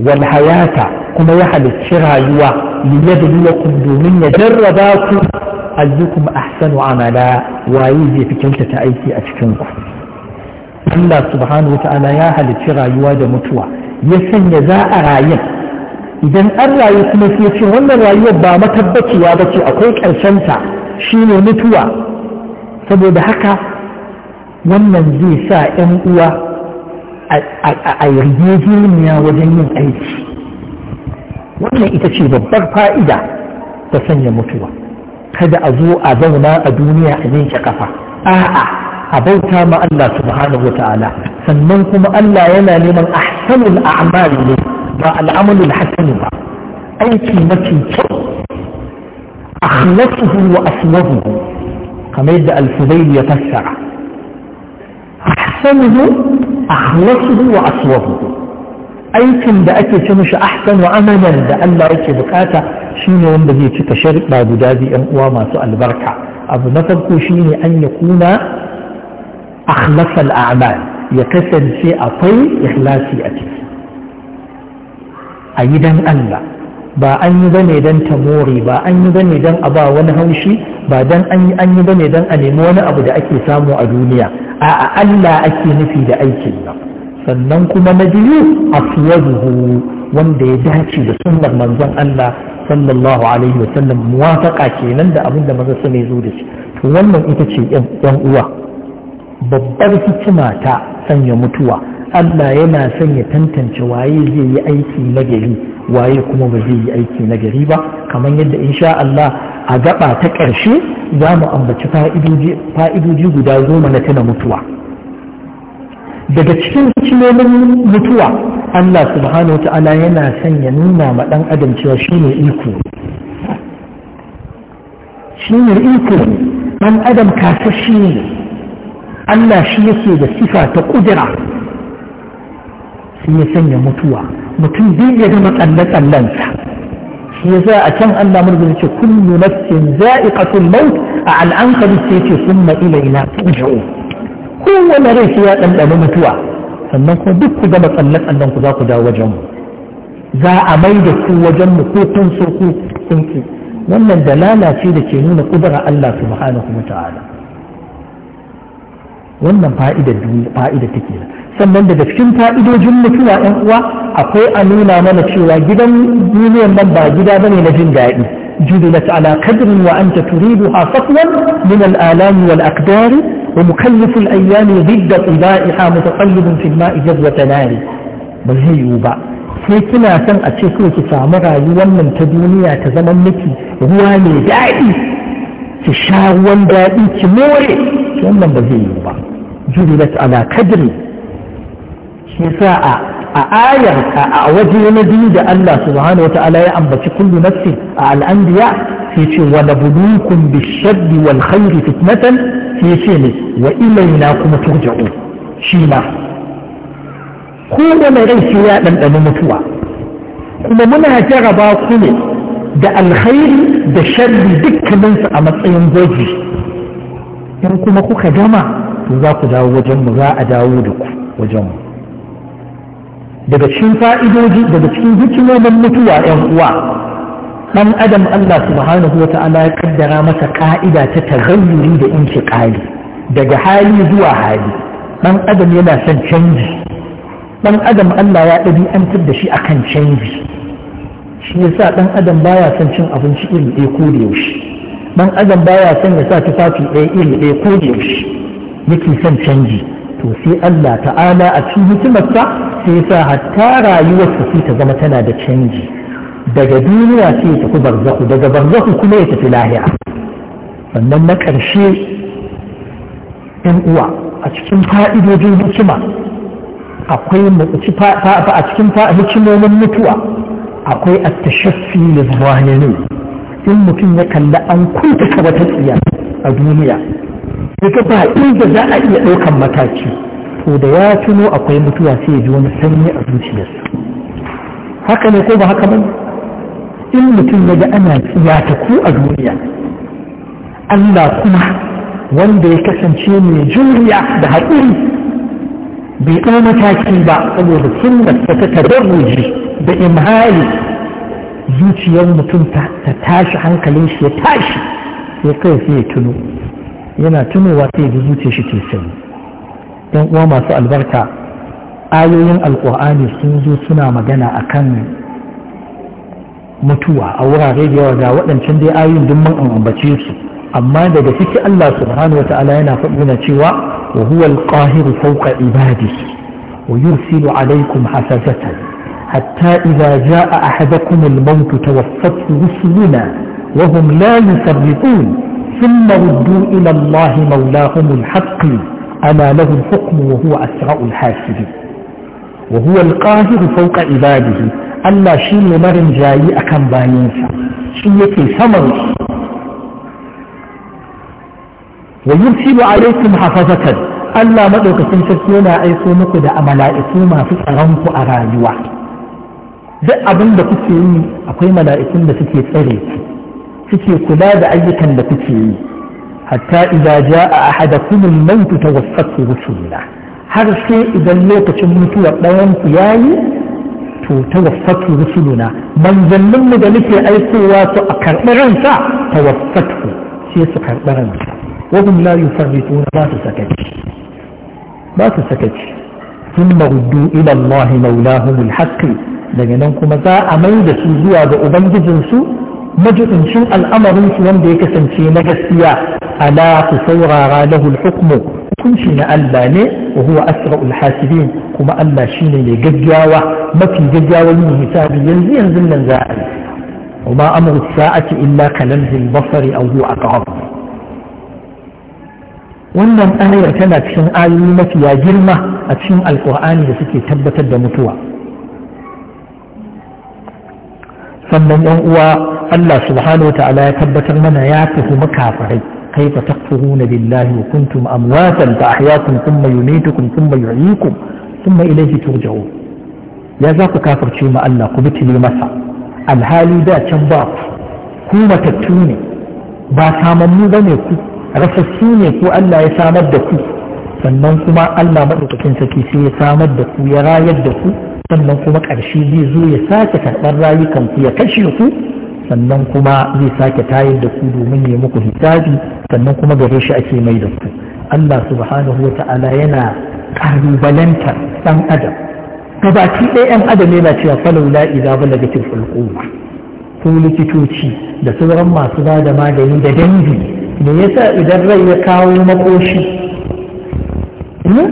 wal hayata kuma ya halicci rayuwa liyadlilakum domin ya jarraba ku ayyukum ahsanu amala waye zai fi ta aiki a cikin ku Allah subhanahu wa ta'ala ya halicci rayuwa da mutuwa ya sanya za a rayuwa idan an rayu kuma sai ce wannan rayuwar ba matabbaciya ba ce akwai ƙarshenta shine mutuwa saboda haka wannan zai sa 'yan uwa a yarjejeniya wajen yin aiki wannan ita ce babbar fa'ida ta sanya mutuwa kada a zo a zauna a duniya a yanke kafa a'a a bauta ma Allah subhanahu wa ta'ala sannan kuma Allah yana neman ahsanul a'mal ne ba al'amalul hasani ba aiki mafi kyau akhlasuhu wa aswahu كما الفضيل يتسع أحسنه أخلصه وأصوبه أيكم بأكي تنش أحسن وأمنا لأن لا يكي بكاتا شين ونبذي تتشرك بعد جادي وما سؤال بركة أبو نفرك شيني أن يكون أخلص الأعمال يكسر شيء أطيب إخلاصي أتي أيضا أن لا ba an yi bane don ta more ba an yi bane don a ba wani haushi ba don an yi bane don a nemi wani abu da ake samu a duniya a Allah ake nufi da aikin nan sannan kuma na biyu a fiyazuhu wanda ya dace da sunnar manzon Allah sallallahu alaihi wasallam muwafaqa kenan da abin da maza su ne zo da shi to wannan ita ce yan uwa babbar hikima ta sanya mutuwa Allah yana son ya tantance waye zai yi aiki nagari waye kuma ba zai yi aiki na gari ba kamar yadda in sha Allah a gaba ta ƙarshe za mu ambaci fa'idoji guda goma na tuna mutuwa daga cikin hikimomin mutuwa Allah subhanahu wa ta'ala yana son ya nuna ma ɗan adam cewa shi ne iko shi ne iko ɗan adam shi ne Allah shi yake da sifa ta ƙudira sai ya sanya mutuwa mutum zai ya gama tsalle-tsallensa shi ya a can Allah murgin ce kullu nafsin za'iqatul maut a al'ankali sai ce summa ilaina turja'u kowane rai sai ya ɗanɗana mutuwa sannan kuma duk ku gama tsalle-tsallen ku za ku dawo wajen mu za a mai da ku wajen mu ko kun so ku kun ki wannan dalala ce da ke nuna kudura Allah subhanahu wa ta'ala wannan fa'ida duniya fa'idar take sannan daga cikin fa'idojin mutuwa ɗan uwa akwai a nuna mana cewa gidan duniyan nan ba gida ba ne na jin daɗi judilat ala kadirin wa anta turiduha fatwan min al’alami wal akdari wa mukallif al-ayyami bidda tibaiha mutaqallibun fi al-ma'i jazwa nari ba zai yiwu ba sai kina son a ce kawai ki samu rayuwar nan ta duniya ta zama miki ruwa mai daɗi ki sha ruwan daɗi ki more wannan ba zai yiwu ba judilat ala kadri shi sa a ayar a waje na biyu da Allah subhanahu wa ta'ala ya ambaci kullu nafsin a al'anbiya sai ce wa nabluukum bishaddi wal khairi fitnatan sai ce ne wa ilaina kuma turja'u shi ma kowane rai sai ya ɗanɗani mutuwa kuma muna jaraba ku ne da alkhairi da sharri dukkaninsu a matsayin gwaji in kuma kuka gama to za ku dawo wajenmu za a dawo da ku wajenmu daga cikin fa'idoji daga cikin hikimomin mutuwa ‘yan uwa ɗan adam Allah subhanahu wata'ala ya kaddara masa ka'ida ta tagayyuri da inci ƙali daga hali zuwa hali ɗan adam yana son canji ɗan adam Allah ya ɗabi'antar da shi akan canji shi yasa ɗan adam baya son cin abinci iri ɗaya ko da yaushe ɗan adam baya son ya sa tufafi ɗaya iri ɗaya ko da yaushe yake son canji to sai Allah ta'ala a cikin hikimarsa sai sa hatta rayuwarsa sai ta zama tana da canji daga duniya sai ya tafi barzahu daga barzahu kuma ya tafi lahiya. sannan na ƙarshe uwa a cikin fa'idojin hikima akwai a cikin hikimomin mutuwa akwai a tashaffi da in mutum ya kalli an kuta wata tsiya a duniya daga ba inda za a iya ɗaukan mataki to da ya tuno akwai mutuwa sai ya ji wani sanyi a zuciyarsa haka ne ko ba haka ba in mutum ya ga ana ta ku a duniya Allah kuma wanda ya kasance mai juriya da haƙuri bai ɗau mataki ba saboda sunnar ta tadarruji da imhali zuciyar mutum ta tashi hankalin shi ya tashi sai kai sai ya tuno yana tunowa sai da zuciya shi ke sanyi dan uwa masu albarka ayoyin alkur'ani sun zo suna magana a kan mutuwa a wurare da yawa ga waɗancan dai ayoyin duk mun ambace su amma daga ciki Allah subhanahu wata'ala yana faɗi cewa wa huwa al-qahiru fawqa ibadihi wa yursilu alaykum hasasatan hatta idza jaa ahadakum al-maut tawaffat rusuluna wa hum la yufarritun ثم ردوا إلى الله مولاهم الحق أنا له الحكم وهو أسرع الحاسب وهو القاهر فوق عباده ألا شيء مرن جاي أكم باينسا شيء ثمر ويرسل عليكم حفظة ألا مدوك سنسكينا أيكمك دا ملائكو ما في أرنك أرايوه ذا أبن da أقيم yi akwai suke kula da ayyukan da kuke yi hatta idza jaa ahadakum al-maut tawaffatu rusuluna har sai idan lokacin mutuwar ɗayan ku yayi to tawaffatu rusuluna manzannin mu da nake aikowa su a karɓi ransa tawaffatu sai su karɓi ransa wa hum la yufarrituna ba su sakaci ba su sakaci ثم ردوا إلى الله مولاهم الحق daga nan kuma za a mai da su zuwa ga ubangijinsu majibincin al'amarinsu wanda ya kasance na gaskiya ala ku saurara lahul hukmu hukunci na Allah ne wa huwa asra'ul hasibin kuma Allah shine mai gaggawa mafi gaggawa yin hisabi yanzu yanzu nan za a yi wa ma amru sa'ati illa kalamhil basari aw huwa aqrab wannan ayar tana cikin ayoyi mafiya girma a cikin alkur'ani da suke tabbatar da mutuwa sannan yan uwa Allah subhanahu ta'ala ya tabbatar mana ya tafi makafarai kai fa takfuruna billahi wa kuntum amwatan fa ahyaakum thumma yumitukum thumma yuhyikum thumma ilayhi turja'un ya za ku kafirce ma Allah ku bitile masa alhali da can baku. ku matattu ne ba samammu bane ku rasassu ne ku Allah ya samar da ku sannan kuma Allah madaukakin sarki sai ya samar da ku ya rayar da ku sannan kuma karshe zai zo ya sake karɓar rayukan ku ya kashe ku sannan kuma zai sake tayar da ku domin ya muku hisabi sannan kuma gare shi ake mai da ku Allah subhanahu wa ta'ala yana kalubalantar ɗan adam gabaki ɗaya ɗan adam yana cewa falaula idza balagatil hulquma ko likitoci da sauran masu ba da magani da dangi me yasa idan rai ya kawo makoshi hmm?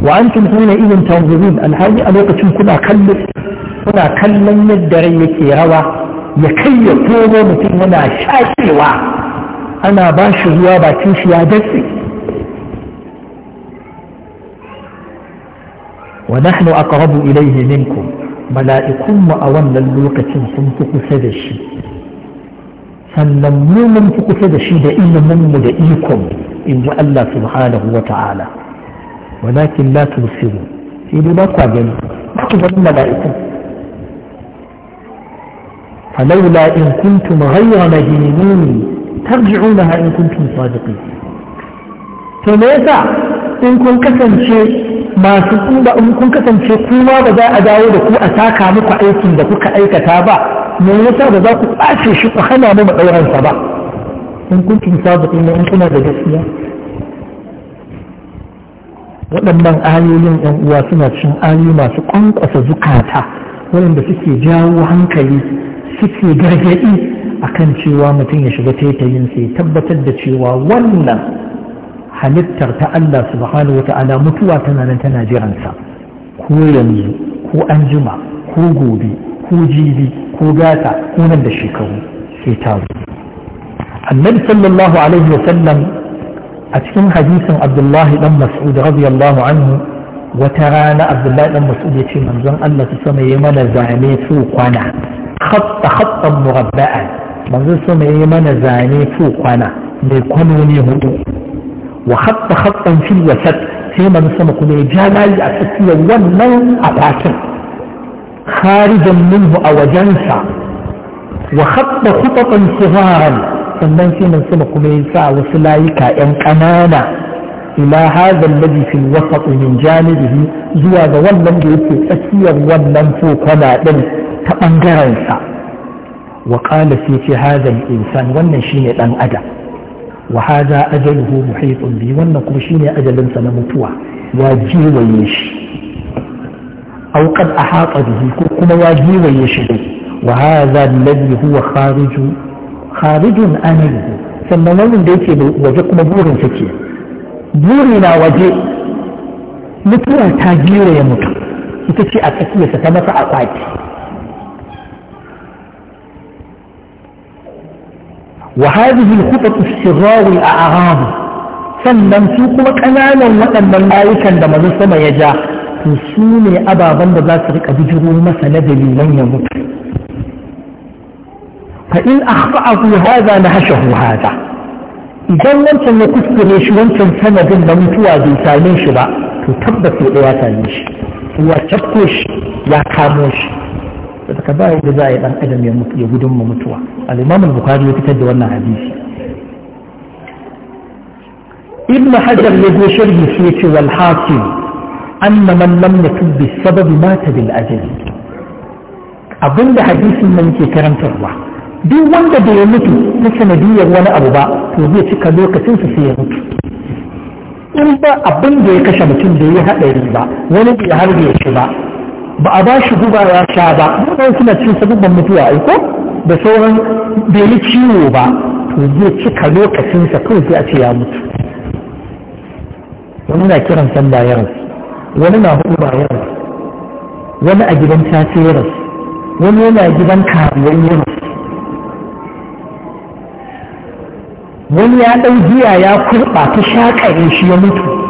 wa antum huna idan tanzurun alhaji a lokacin kuna kallon kuna kallon yadda rai yake rawa ya kai ya komo mutum yana shaƙewa ana ba shi ruwa bakin shi ya datse wa nahnu aqrabu ilayhi minkum mala'ikunmu a wannan lokacin sun fi kusa da shi sannan mu mun fi kusa da shi da iliminmu da ikon in ji Allah subhanahu wa ta'ala walakin la tusiru sai dai ba ku gani ba ku ganin mala'ikun فلولا إن كنتم غير مدينين ترجعونها إن كنتم صادقين فماذا إن كن كسن شيء ما سكون إن كن كسن شيء كما بدا أداو لكو أتاكا مكو أيكم لكو كأيك تابا ماذا بدا كو أعشي شيء وخنا مم أيرا صبا إن كنتم صادقين إن كنا بجسيا waɗannan ayoyin ‘yan uwa suna cin ayoyi masu ƙwanƙwasa zukata waɗanda suke jawo hankali suke gargaɗi akan cewa mutum ya shiga taitayin sai tabbatar da cewa wannan halittar ta Allah subhanahu wata'ala mutuwa tana nan tana jiransa ko yanzu ko an jima ko gobe ko jibi ko gata ko nan da shekaru sai ta zo annabi sallallahu alaihi wa sallam a cikin hadisin abdullahi dan mas'ud radiyallahu anhu wata rana abdullahi dan mas'ud ya ce manzon Allah su sama ya mana zane so kwana خط خطا مربعا مزوسو مي إيه؟ مانا زاني فوقنا مي كونوني هدو وخط خطا في الوسط كما نسمى كل إيه؟ جمال أسكية ومن أباكر خارجا منه أو جنسا وخط خططا صغارا ثم كما نسمى كل إساء إيه؟ وسلايكا إن كمانا إلى هذا الذي في الوسط من جانبه زواج ولن يؤتي أسكية ومن فوقنا بل ta ɓangarensa wa ƙala sai ce hazan insan wannan shine ɗan adam wa haza ajaluhu muhitun bi wannan kuma shi ne ajalinsa na mutuwa ya jiwaye shi aw qad ahata bihi ko kuma ya jiwaye shi dai wa haza alladhi huwa khariju kharijun anhu sannan wannan da yake waje kuma burin sa ke buri na waje mutuwa ta jiwaye mutu ita ce a tsakiyarsa ta masa akwati وهذه الخطط السراء والأعراض sannan su kuma ƙananan waɗannan layukan da mazan sama ya ja to su ne ababen da za su rika bijiro masa na dalilan ya mutu fa in akhta'ahu hadha la hadha idan wancan ya kuskure shi wancan sanadin na mutuwa bai same shi ba to tabbas ya same shi ya cakko shi ya kamo shi daga ba yadda za a yi dan adam ya mutu ya gudun mutuwa al-imam bukhari ya fitar da wannan hadisi ibn hajar ya go sharhi shi yace wal hakim anna man lam yakun bi sababi mata bil ajali abinda hadisin nan ke karantarwa duk wanda da ya mutu ta sanadiyar wani abu ba to zai cika lokacinsa sai ya mutu in ba abin da ya kashe mutum da ya haɗari ba wani bai harbe shi ba ba a ba shi guba ya sha ba mutane suna cin sabubban mutuwa aiko da sauran bai yi ciwo ba to zai cika lokacinsa kawai sai a ce ya mutu wani na kiran san ba ya rasu wani na hudu ba ya rasu wani a gidan tace ya wani yana gidan kariyar ya rasu wani ya ɗau giya ya kurɓa ta shaƙare shi ya mutu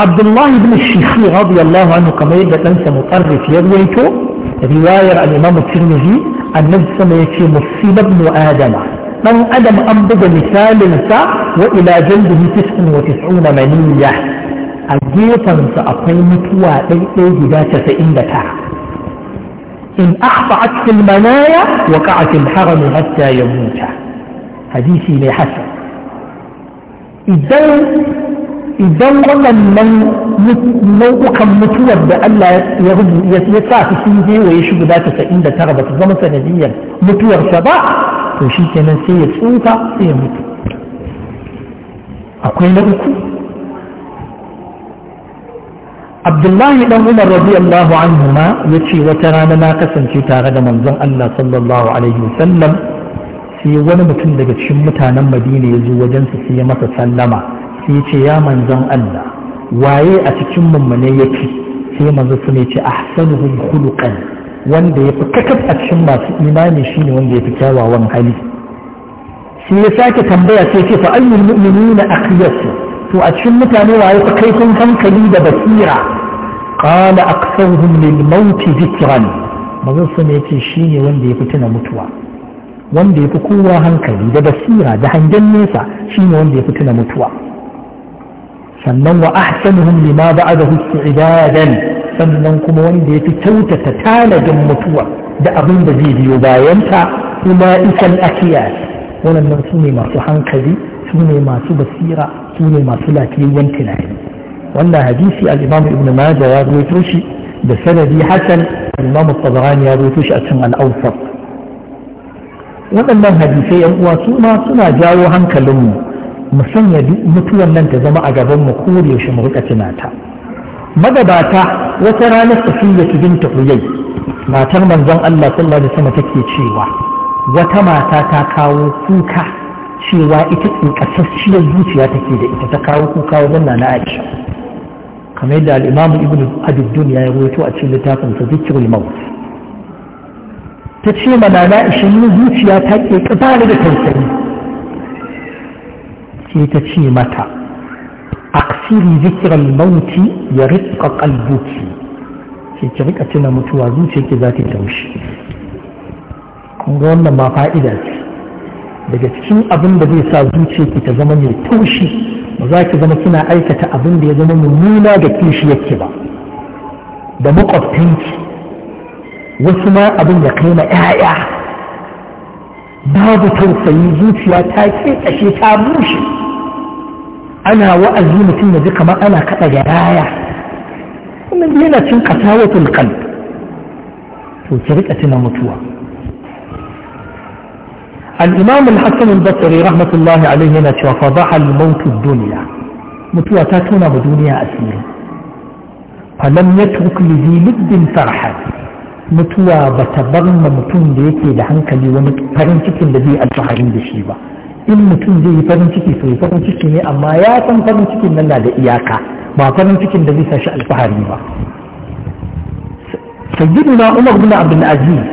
عبد الله بن الشيخي رضي الله عنه كما يبدأ أنسى مطرف يرويته رواية عن الإمام الترمذي أن صلى الله مصيبة ابن آدم من أدم أنبض مثال لسا وإلى جلده تسع وتسعون منية أجيطا سأقيم توائي إذا فإن ترى إن أخطأت في المنايا وقعت الحرم حتى يموت حديثي لحسن إذن idan waɗannan nau'ukan mutuwar da Allah ya sa su sun gewaye shi guda casa'in da tara ba su zama sanadiyyar mutuwarsa ba to shi kenan sai ya tsufa sai ya mutu akwai na uku abdullahi dan umar radiyallahu anhu ma ya ce wata rana na kasance tare da manzon Allah sallallahu alaihi wasallam sai wani mutum daga cikin mutanen madina ya zo wajensa sai ya masa sallama sai ce ya manzan Allah waye a cikin mummune yake sai manzo su ne ce ahsanuhum khuluqan wanda ya fi kakaf a cikin masu imani shine wanda ya fi kyawawan hali sai ya sake tambaya sai ce fa ayyul mu'minina aqyasu to a cikin mutane waye fa kai kun hankali da basira qala aqsawhum lil maut dhikran manzo su ne ce shine wanda ya tuna mutuwa wanda ya fi kowa hankali da basira da hangen nesa shine wanda ya tuna mutuwa sannan wa ahsanuhum lima ba'adahu isti'dadan sannan kuma wanda yafi kyautata tanadin mutuwa da abin da zai biyo bayanta kuma isan akiyas wannan su ne masu hankali su ne masu basira su ne masu lafiyayyen tunani wannan hadisi al-imam ibn majah ya rawaito shi da sanadi hasan al-imam at-tabarani ya rawaito shi a cikin al-awsat waɗannan hadisai yan uwa su ma suna jawo hankalinmu mu sanya mutuwan nan ta zama a gaban mu kore yaushe mu rika tunata magabata wata rana safiya binta huyai matar manzon Allah sallallahu alaihi wasallam take cewa wata mata ta kawo kuka cewa ita kasasshiyar zuciya take da ita ta kawo kuka wajen na Aisha kamar yadda al-Imam Ibn Abdul ya rawaito a cikin littafin sa Zikrul Maut ta ce ma na Aisha zuciya ta ke kaba da tausayi sai ta ce mata aksiri zikirar mauti ya rika kalbuki ke ki rika tuna mutuwa zuciyarki za ta taushi kun ga wannan ma fa'ida ce daga cikin abin da zai sa zuciyarki ta zama mai taushi ba za ki zama kina aikata abin da ya zama mummuna da kishi yake ba da makwabtanki wasu ma abin ya kai na 'ya'ya babu tausayi zuciya ta ke ƙashe ta bushe ana wa’azi mutum ya ji kamar ana kaɗa garaya kuma yana cin ƙasa wa tulkan to ki riƙa tuna mutuwa al’imam al-hassan al-basari rahmatullahi alaihi yana cewa fa ba duniya mutuwa ta tuna ba duniya asiri falam ya tuk li zi muddin farha mutuwa ba ta bar mutum da yake da hankali wani farin cikin da zai alfaharin da shi ba in mutum zai yi farin ciki to farin ciki ne amma ya san farin cikin nan na da iyaka ba farin cikin da zai sa shi alfahari ba na umar bin abdul aziz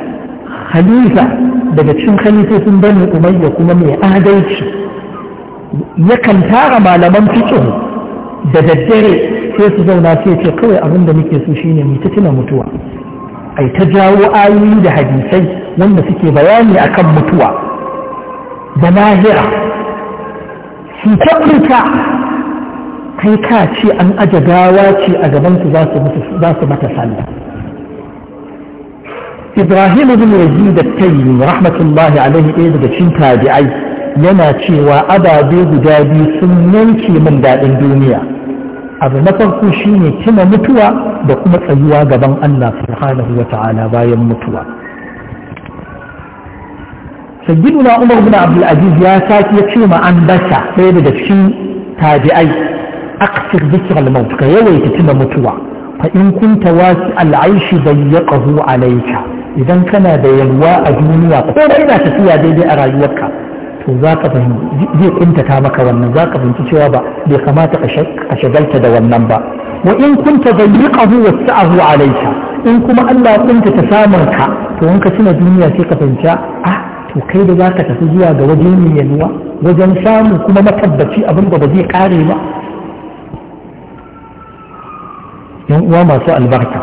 khalifa daga cikin khalifofin bani umayya kuma mai adalci yakan tara malaman fiqh da daddare sai su zauna sai ce kawai abin da muke so shine mu ta tuna mutuwa ai ta jawo ayoyi da hadisai wanda suke bayani akan mutuwa da lahira su tabbata kai ka ce an aje gawa ce a gabansu za su mata sallah ibrahim ibn yazid rahmatullahi alaihi ɗaya daga cin tabi'ai yana cewa ababe guda biyu sun yanke min daɗin duniya abu na farko shine tuna mutuwa da kuma tsayuwa gaban Allah subhanahu wa ta'ala bayan mutuwa sayyiduna umar bin abdul aziz ya saki ya ce ma an basa ɗaya daga cikin tabi'ai aksir zikr al-maut ka yawaita tuna mutuwa fa in kunta wasi al-aish dayyaqahu alayka idan kana da yalwa a duniya ko yana tafiya daidai a rayuwarka to za ka fahimci zai kuntata maka wannan za ka fahimci cewa ba bai kamata ka shagalta da wannan ba wa in kunta bai dayyaqahu wasa'ahu alayka in kuma Allah ya ta samun ka to in ka tuna duniya sai ka fahimci ah to kai da za ka tafi zuwa ga waje mai yanuwa wajen samu kuma matabbaci abin da ba zai kare ba yan uwa masu albarka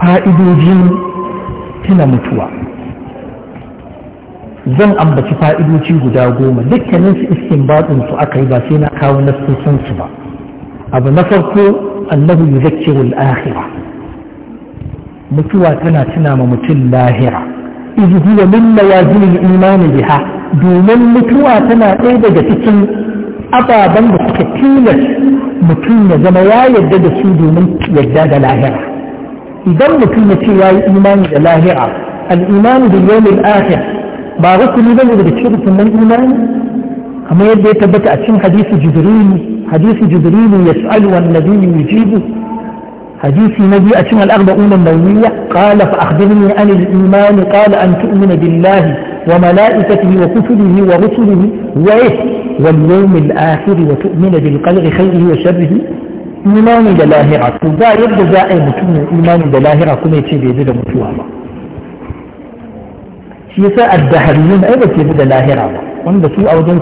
fa'idojin tuna mutuwa zan ambaci fa'idoci guda goma dukkanin su iskin su aka yi ba sai na kawo nasosinsu ba abu na farko annahu yuzakkirul ahira mutuwa tana tuna ma mutum lahira إذ هو من موازين الإيمان بها دومن متوى تنا قيدة جسم أبا بند تكتيلة متوى زميا يدد سودو من يدد لاهرة إذا متوى تيوى إيمان لاهرة الإيمان باليوم الآخر بارك لي بل إذا من الإيمان كما يدد تبت أتشن حديث جبريل حديث جبريل يسأل والنبي يجيبه حديثي نبي أشمل الأربعون النومية قال فأخبرني عن الإيمان قال أن تؤمن بالله وملائكته وكتبه ورسله وإيه واليوم الآخر وتؤمن بالقدر خيره وشره إيمان دلاهرة ذا يبدو ذا أي متون إيمان دلاه كما يتشبه ذا متوها shi شيساء الدهريون أيضا ba ke bi da lahira ba wanda su a wajen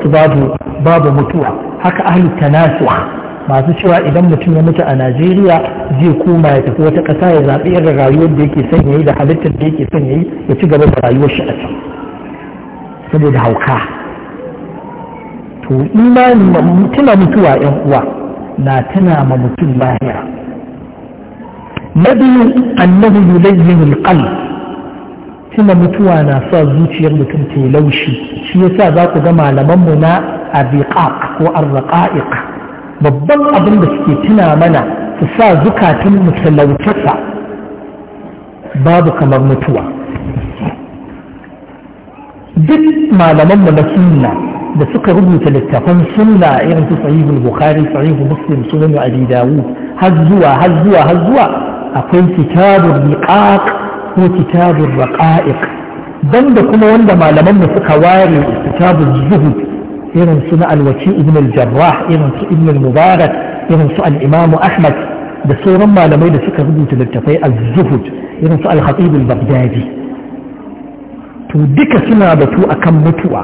su masu cewa idan mutum ya mutu a najeriya zai koma ya tafi wata ƙasa ya zaɓi irin rayuwar da yake son yayi da halittar da yake son yayi ya ci gaba da rayuwar shi a can saboda hauka to imani tuna mutuwa yan uwa na tana ma mutum lahira na biyu yulayyin alqalb tuna mutuwa na sa zuciyar mutum ta laushi shi yasa za ku ga malamanmu na abiqaq ko arraqa'iq babban abin da suke tuna mana su sa zukatun musalautarsa babu kamar mutuwa duk malamanmu na sunna da suka rubuta littafan sunna irin su sahihul bukhari sahihul muslim sunan abi dawud har zuwa har zuwa har zuwa akwai kitabun riqaq ko kitabun raqa'iq banda kuma wanda mu suka ware kitabun zuhud irin su na alwaci ibn al-jarrah irin su ibn al-mubarak irin su al-imamu ahmad da sauran malamai da suka rubuta littafai az-zuhud irin su al-khatib al-baghdadi to duka suna batu akan mutuwa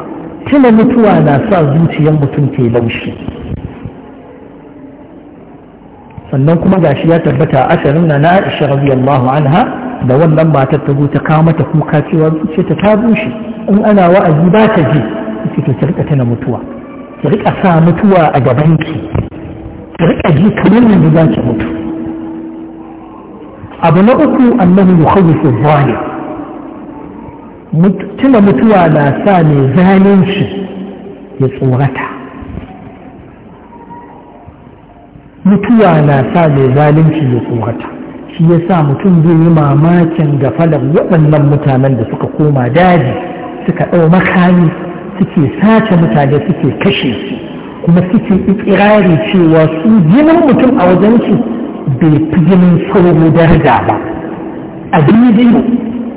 tuna mutuwa na sa zuciyar mutum ke laushi sannan kuma gashi ya tabbata asarin na na Aisha radiyallahu anha da wannan matar ta zo ta kawo mata kuka cewa zuciyarta ta bushe in ana wa'azi ba ta je suke ki rika tana mutuwa ki rika sa mutuwa a gaban ki ki rika ji kamar yanzu za ki mutu abu na uku annabi yukhawwifu zalim tuna mutuwa na sa mai zalunci ya tsorata mutuwa na sa mai zalunci ya tsorata shi ya sa mutum zai yi mamakin gafalar waɗannan mutanen da suka koma daji suka ɗau makami suke sace mutane suke kashe su kuma suke ikirari cewa su jinin mutum a wajen su bai fi jinin sauro daraja ba a daidai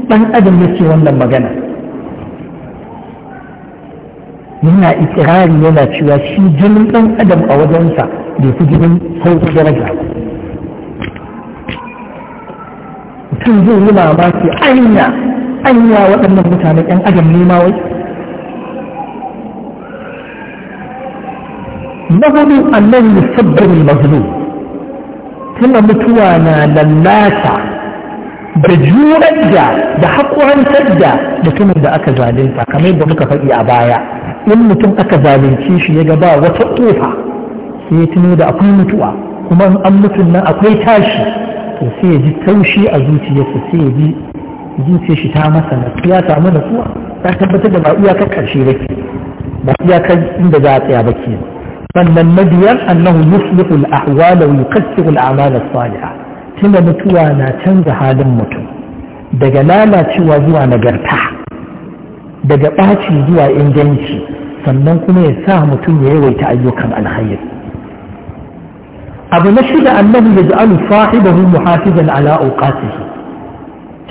ɗan adam ya ce wannan magana yana ikirari yana cewa shi jinin ɗan adam a wajensa bai fi jinin sauro daraja ba mutum zai yi mamaki anya anya waɗannan mutane ɗan adam ne ma wai na hudu annan yusabbin mazlum tuna mutuwa na lallata da jurar da da haƙurantar da mutumin da aka zalunta kamar yadda muka faɗi a baya in mutum aka zalunci shi ya ba wata ƙofa sai ya tuno da akwai mutuwa kuma in an mutum nan akwai tashi to sai ya ji taushi a zuciyarsa sai ya ji zuciyar shi ta masa na ya samu natsuwa ta tabbatar da ba iyakar ƙarshe ba ba iyakar inda za a tsaya ba ke sannan na biyar annahu yuslihu al-ahwala wa yukassiru al-a'mal as-salihah tunda mutuwa na canza halin mutum daga lalacewa zuwa nagarta daga ɓaci zuwa inganci sannan kuma ya sa mutum ya yawaita ayyukan alhayyar abu na shida annahu yaj'alu sahibahu muhafizan ala awqatihi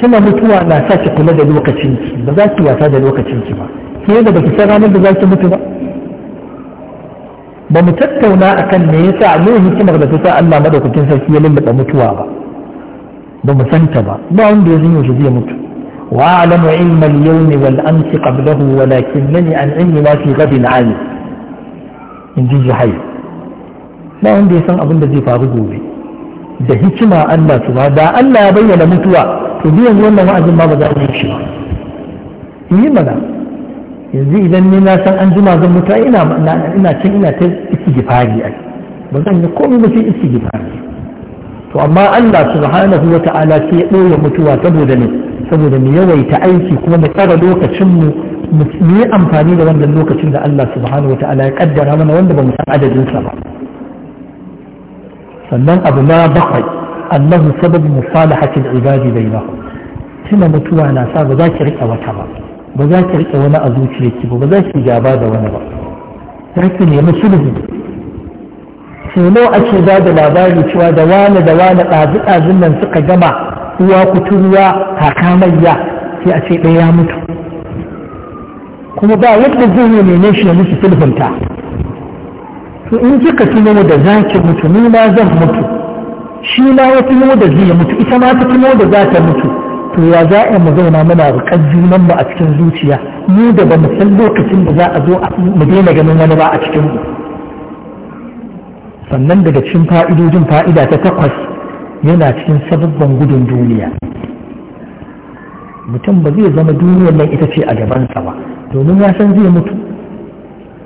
tana mutuwa na sa ki kula da lokacinki ba za ki wasa da lokacinki ba ke da baki san ranar da za ki mutu ba ba mu tattauna akan me yasa ne hikimar da ta sa Allah madaukakin sarki ya lullaba mutuwa ba ba mu santa ba ba wanda ya zanyo shi zai mutu wa a'lamu ilma al-yawmi wal amsi qablahu walakinnani an ilmi ma fi ghadin ali in ji jahai ba wanda ya san abin da zai faru gobe da hikima Allah su da Allah ya bayyana mutuwa to biyan wannan wa'azin ma ba za a yi shi ba yi mana yanzu idan ne na san an jima zan mutu ina can ina ta istighfari ai ba zan yi komai ba sai to amma Allah subhanahu wa ta'ala sai ya ɗoya mutuwa saboda ne saboda mu yawaita aiki kuma mu tsara lokacin mu mu yi amfani da wannan lokacin da Allah subhanahu wa ta'ala ya kaddara mana wanda ba mu san adadin sa ba sannan abu na bakwai annahu sababu musalahatil ibadi bainahum tuna mutuwa na sa ba za ki rike wata ba ba za ki riƙe wani a zuciyarki ba ba za ki gaba da wani ba za ki nemi sulhu sai nawa ake ba da labari cewa da wani da wani ɗazu ɗazun nan suka gama uwa kuturuwa hakamayya sai a ce ɗaya ya mutu kuma ba yadda zai yi mene shi ya musu sulhunta to in kika tuno da za ki mutu ni ma zan mutu shi ma ya tuno da zai mutu ita ma ta tuno da za ta mutu to ya za a mu zauna muna rukar junan mu a cikin zuciya mu da ba mu san lokacin da za a zo mu daina ganin wani ba a cikin mu sannan daga cikin fa'idojin fa'ida ta takwas yana cikin sababbin gudun duniya mutum ba zai zama duniyar nan ita ce a gabansa ba domin ya san zai mutu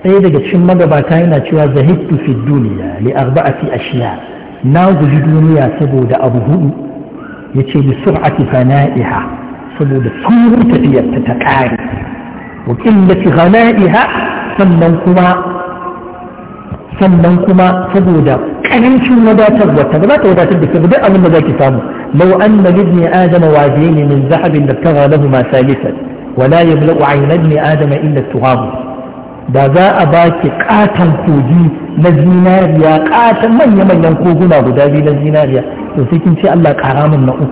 sai daga cikin magabata yana cewa zahittu fi duniya li arba'ati ashiya na guji duniya saboda abu hudu ya ce da sur'ati fana'iha saboda saurin tafiyar ta ta kare wa qillati ghana'iha sannan kuma sannan kuma saboda karancin wadatarwa ta ba za ta wadatar da saboda abin da zaki samu law anna libni adama wadiyin min zahabin da tara lahu ma salisan ولا يملأ عين ابن آدم إلا التراب da za a baki katon kogi na zinariya katon manya-manyan koguna guda biyu na zinariya to sai kin ce Allah kara min na uku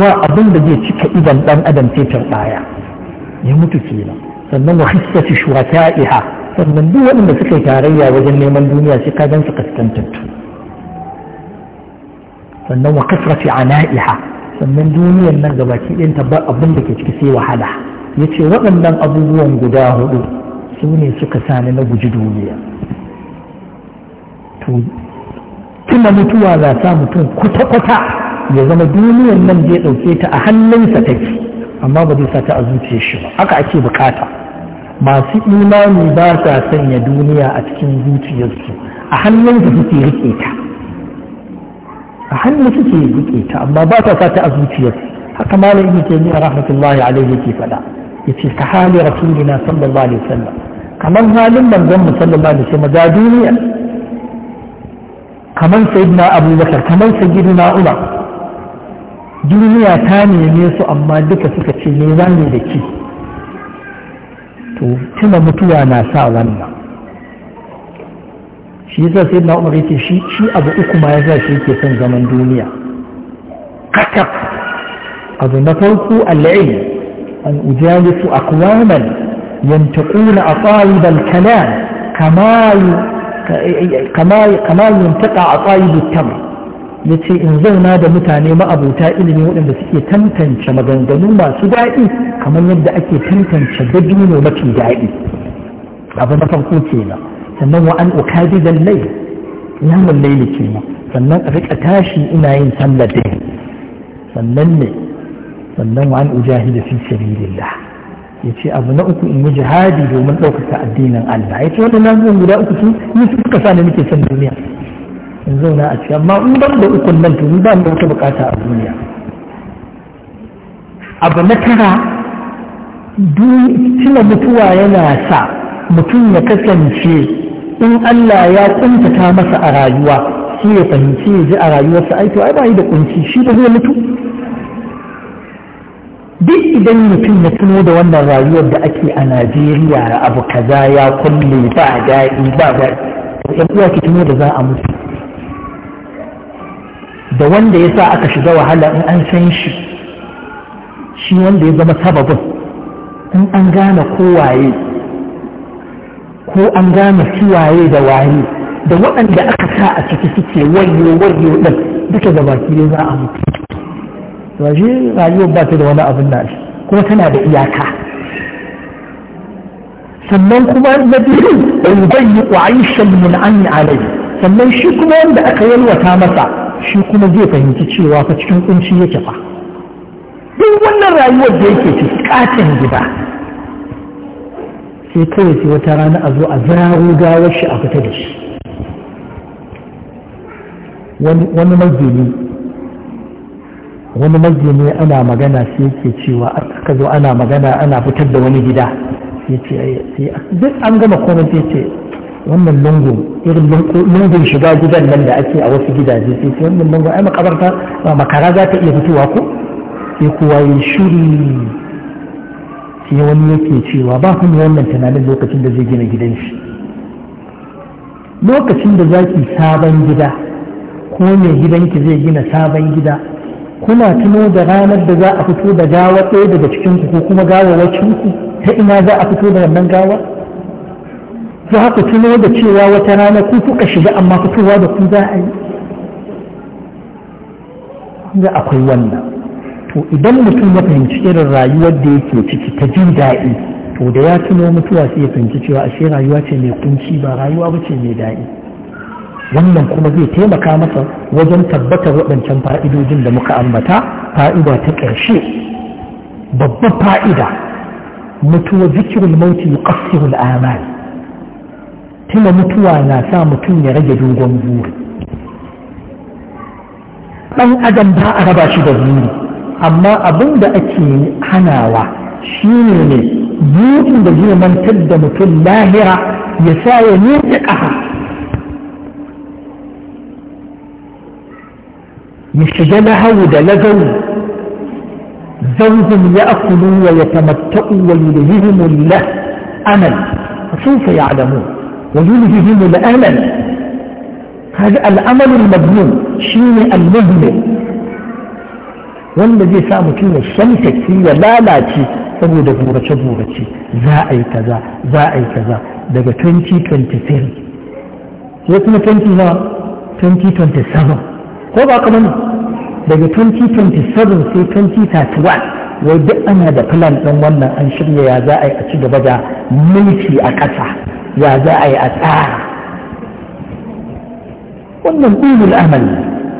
ba abin da zai cika idan dan adam sai ɗaya. ya mutu kenan sannan wa hissati shuraka'iha sannan duk waɗanda suka yi tarayya wajen neman duniya sai ka gan su kaskantattu sannan wa kasrati ana'iha sannan duniyar nan gabaki ɗinta ba abin da ke ciki sai wahala yace waɗannan abubuwan guda hudu su ne suka sani na guji duniya tuna mutuwa za sa mutum kwata-kwata ya zama duniyar nan zai ɗauke ta a hannunsa take amma ba zai sa a zuciyar shi ba haka ake bukata masu imani ba sa sanya duniya a cikin zuciyarsu a hannunsa suke rike ta a hannun suke rike ta amma ba sa sa a zuciyarsu haka malam ibn taymiyyah rahmatullahi alaihi yake faɗa yace ka hali rasulina sallallahu alaihi wasallam kamar halin manzon mu sallallahu alaihi wasallam da duniya kamar sayyidina abubakar kamar sayyidina umar duniya ta neme su amma duka suka ce ne za ne da ki to tuna mutuwa na sa wannan shi yasa Sayyidina na umar yake shi shi abu uku ma yasa shi yake son zaman duniya kakaf abu na farko al'ilm أن أجالس أقواما ينتقون أطايب الكلام كما كما كما ينتقى أطايب التمر يتي إن زونا دا متاني ما أبو تائل من إن بسكي إيه تمتن شمغن دنو ما سدائي كما يبدأ أكي تمتن شبجن ومكي دائي أبو ما فرقو كينا سنن وأن أكادد الليل نعم الليل كينا سنن أفك أتاشي إنا إن سنن دين سنن sannan wa an ujahida fi sabilillah yace abu na uku in yi jihadi domin ɗaukaka addinin Allah ce waɗannan abubuwan guda uku su ni suka sa da nake son duniya in zauna a ciki amma in ban da ukun nan to ba mu wata bukata a duniya abu na tara tuna mutuwa yana sa mutum ya kasance in Allah ya kuntata masa a rayuwa shi ya fahimci ya ji a rayuwarsa ai to ai ba yi da kunci shi ba zai mutu duk idan mutum ya tuno da wannan rayuwar da ake a najeriya abu kaza ya kulle ba daɗi ba daɗi uwa ki tuno da za a mutu da wanda ya sa aka shiga wahala in an san shi shi wanda ya zama sababin in an gane waye. ko an gane kiwaye da waye da waɗanda aka sa a ciki suke wayo wayo ɗin duka da baki ne za a mutu to shi rayuwar ba ta da wani abin da shi kuma tana da iyaka sannan kuma na biyu ubayyi wa aishan min an alai sannan shi kuma wanda aka yalwata masa shi kuma zai fahimci cewa ka cikin kunci yake fa duk wannan rayuwar da yake ciki katin gida sai kawai sai wata rana a zo a zaro gawar shi a fita da shi wani magini wani majini ana magana sai yake cewa aka zo ana magana ana fitar da wani gida duk an gama komai sai ce wannan lungu irin lungun shiga gidan nan da ake a wasu gidaje sai ce wannan lungun ai makabarta ba makara za ta iya fitowa ko sai kowa ya shiri sai wani yake cewa ba ku ne wannan tunanin lokacin da zai gina gidan shi lokacin da zaki sabon gida ko ne gidanki zai gina sabon gida kuna tuno da ranar da za a fito da gawa ɗaya daga cikinku ko kuma gawawacinku ta ina za a fito da wannan gawa za ku tuno da cewa wata rana ku kuka shiga amma fitowa da ku za a yi ga akwai wannan to idan mutum ya fahimci irin rayuwar da yake ciki ta jin daɗi to da ya tuno mutuwa sai ya fahimci cewa ashe rayuwa ce mai kunci ba rayuwa ba ce mai daɗi wannan kuma zai taimaka masa wajen tabbatar waɗancan fa'idojin da muka ambata fa'ida ta ƙarshe babbar fa'ida mutuwa zikirul mauti yuqassirul amal tuna mutuwa na sa mutum ya rage dogon buri ɗan adam ba a raba shi da buri amma abin da ake hanawa shi ne ne burin da zai mantar da mutum lahira ya sa ya miƙe ƙafa مش جمعه وده لزو زوج يأكلوا ويتمتعوا وللههم له أمل فسوف يعلمون وللههم الأمل هذا الأمل المبنون شين المهمل والذي سامكين الشمس هي لا لا تي فهو دبورة شبورة تي زائي كذا زائي كذا دقى 2023 يتنى 20 2027 هو باقى منه daga 2027 sai 2031 wai duk ana da plan ɗin wannan an shirya ya za a yi a ci gaba da mulki a ƙasa ya za a yi a tsara wannan ɗulul amali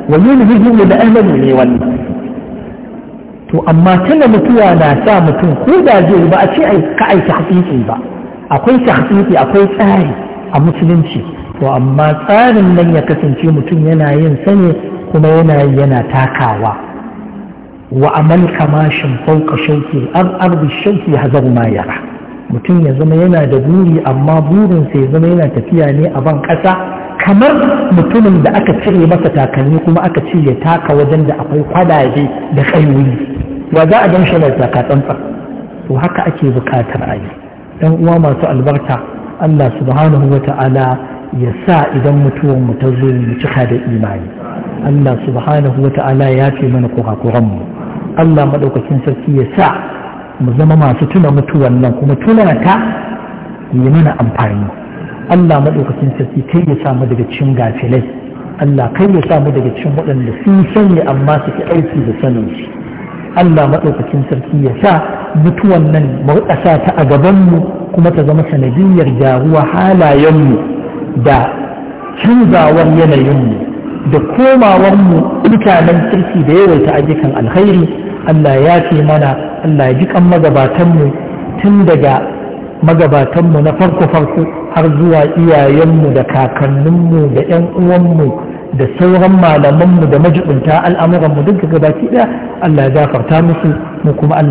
wani ne hujjumu da amali ne wannan to amma tana mutuwa na sa mutum ko da zai ba a ce ka a yi ba akwai tahqiqi akwai tsari a musulunci to amma tsarin nan ya kasance mutum yana yin sane kuma yana yana takawa wa amal kamashin fauka shauki an arbi shauki hazar ma yara mutum ya zama yana da buri amma burinsa ya zama yana tafiya ne a ban ƙasa kamar mutumin da aka cire masa takalmi kuma aka ce ya taka wajen da akwai kwadaje da kayoyi wa za a gamshe da takatsantsa to haka ake bukatar a yi dan uwa masu albarka Allah subhanahu wa ta'ala ya sa idan mutuwar mu ta zo mu cika da imani Allah subhanahu wa ta'ala ya ce mana kurakuranmu Allah maɗaukacin sarki ya sa mu zama masu tuna mutuwan nan kuma tuna ta yi mana amfani Allah maɗaukacin sarki kai ya samu daga cikin gafilai Allah kai ya samu daga cikin waɗanda sun sanya amma suke aiki da sanin shi Allah maɗaukacin sarki ya sa mutuwan nan mu sa ta a gabanmu kuma ta zama sanadiyyar jaruwa halayenmu da canzawar yanayinmu da komawarmu mutanen kirki da yawaita ayyukan alkhairi Allah ya fi mana Allah ya ji kan magabatanmu tun daga magabatanmu na farko-farko har zuwa iyayenmu da kakanninmu da 'yan uwanmu da sauran malamanmu da majibinta al'amuranmu duk gabaki ɗaya Allah ya gafarta musu mu kuma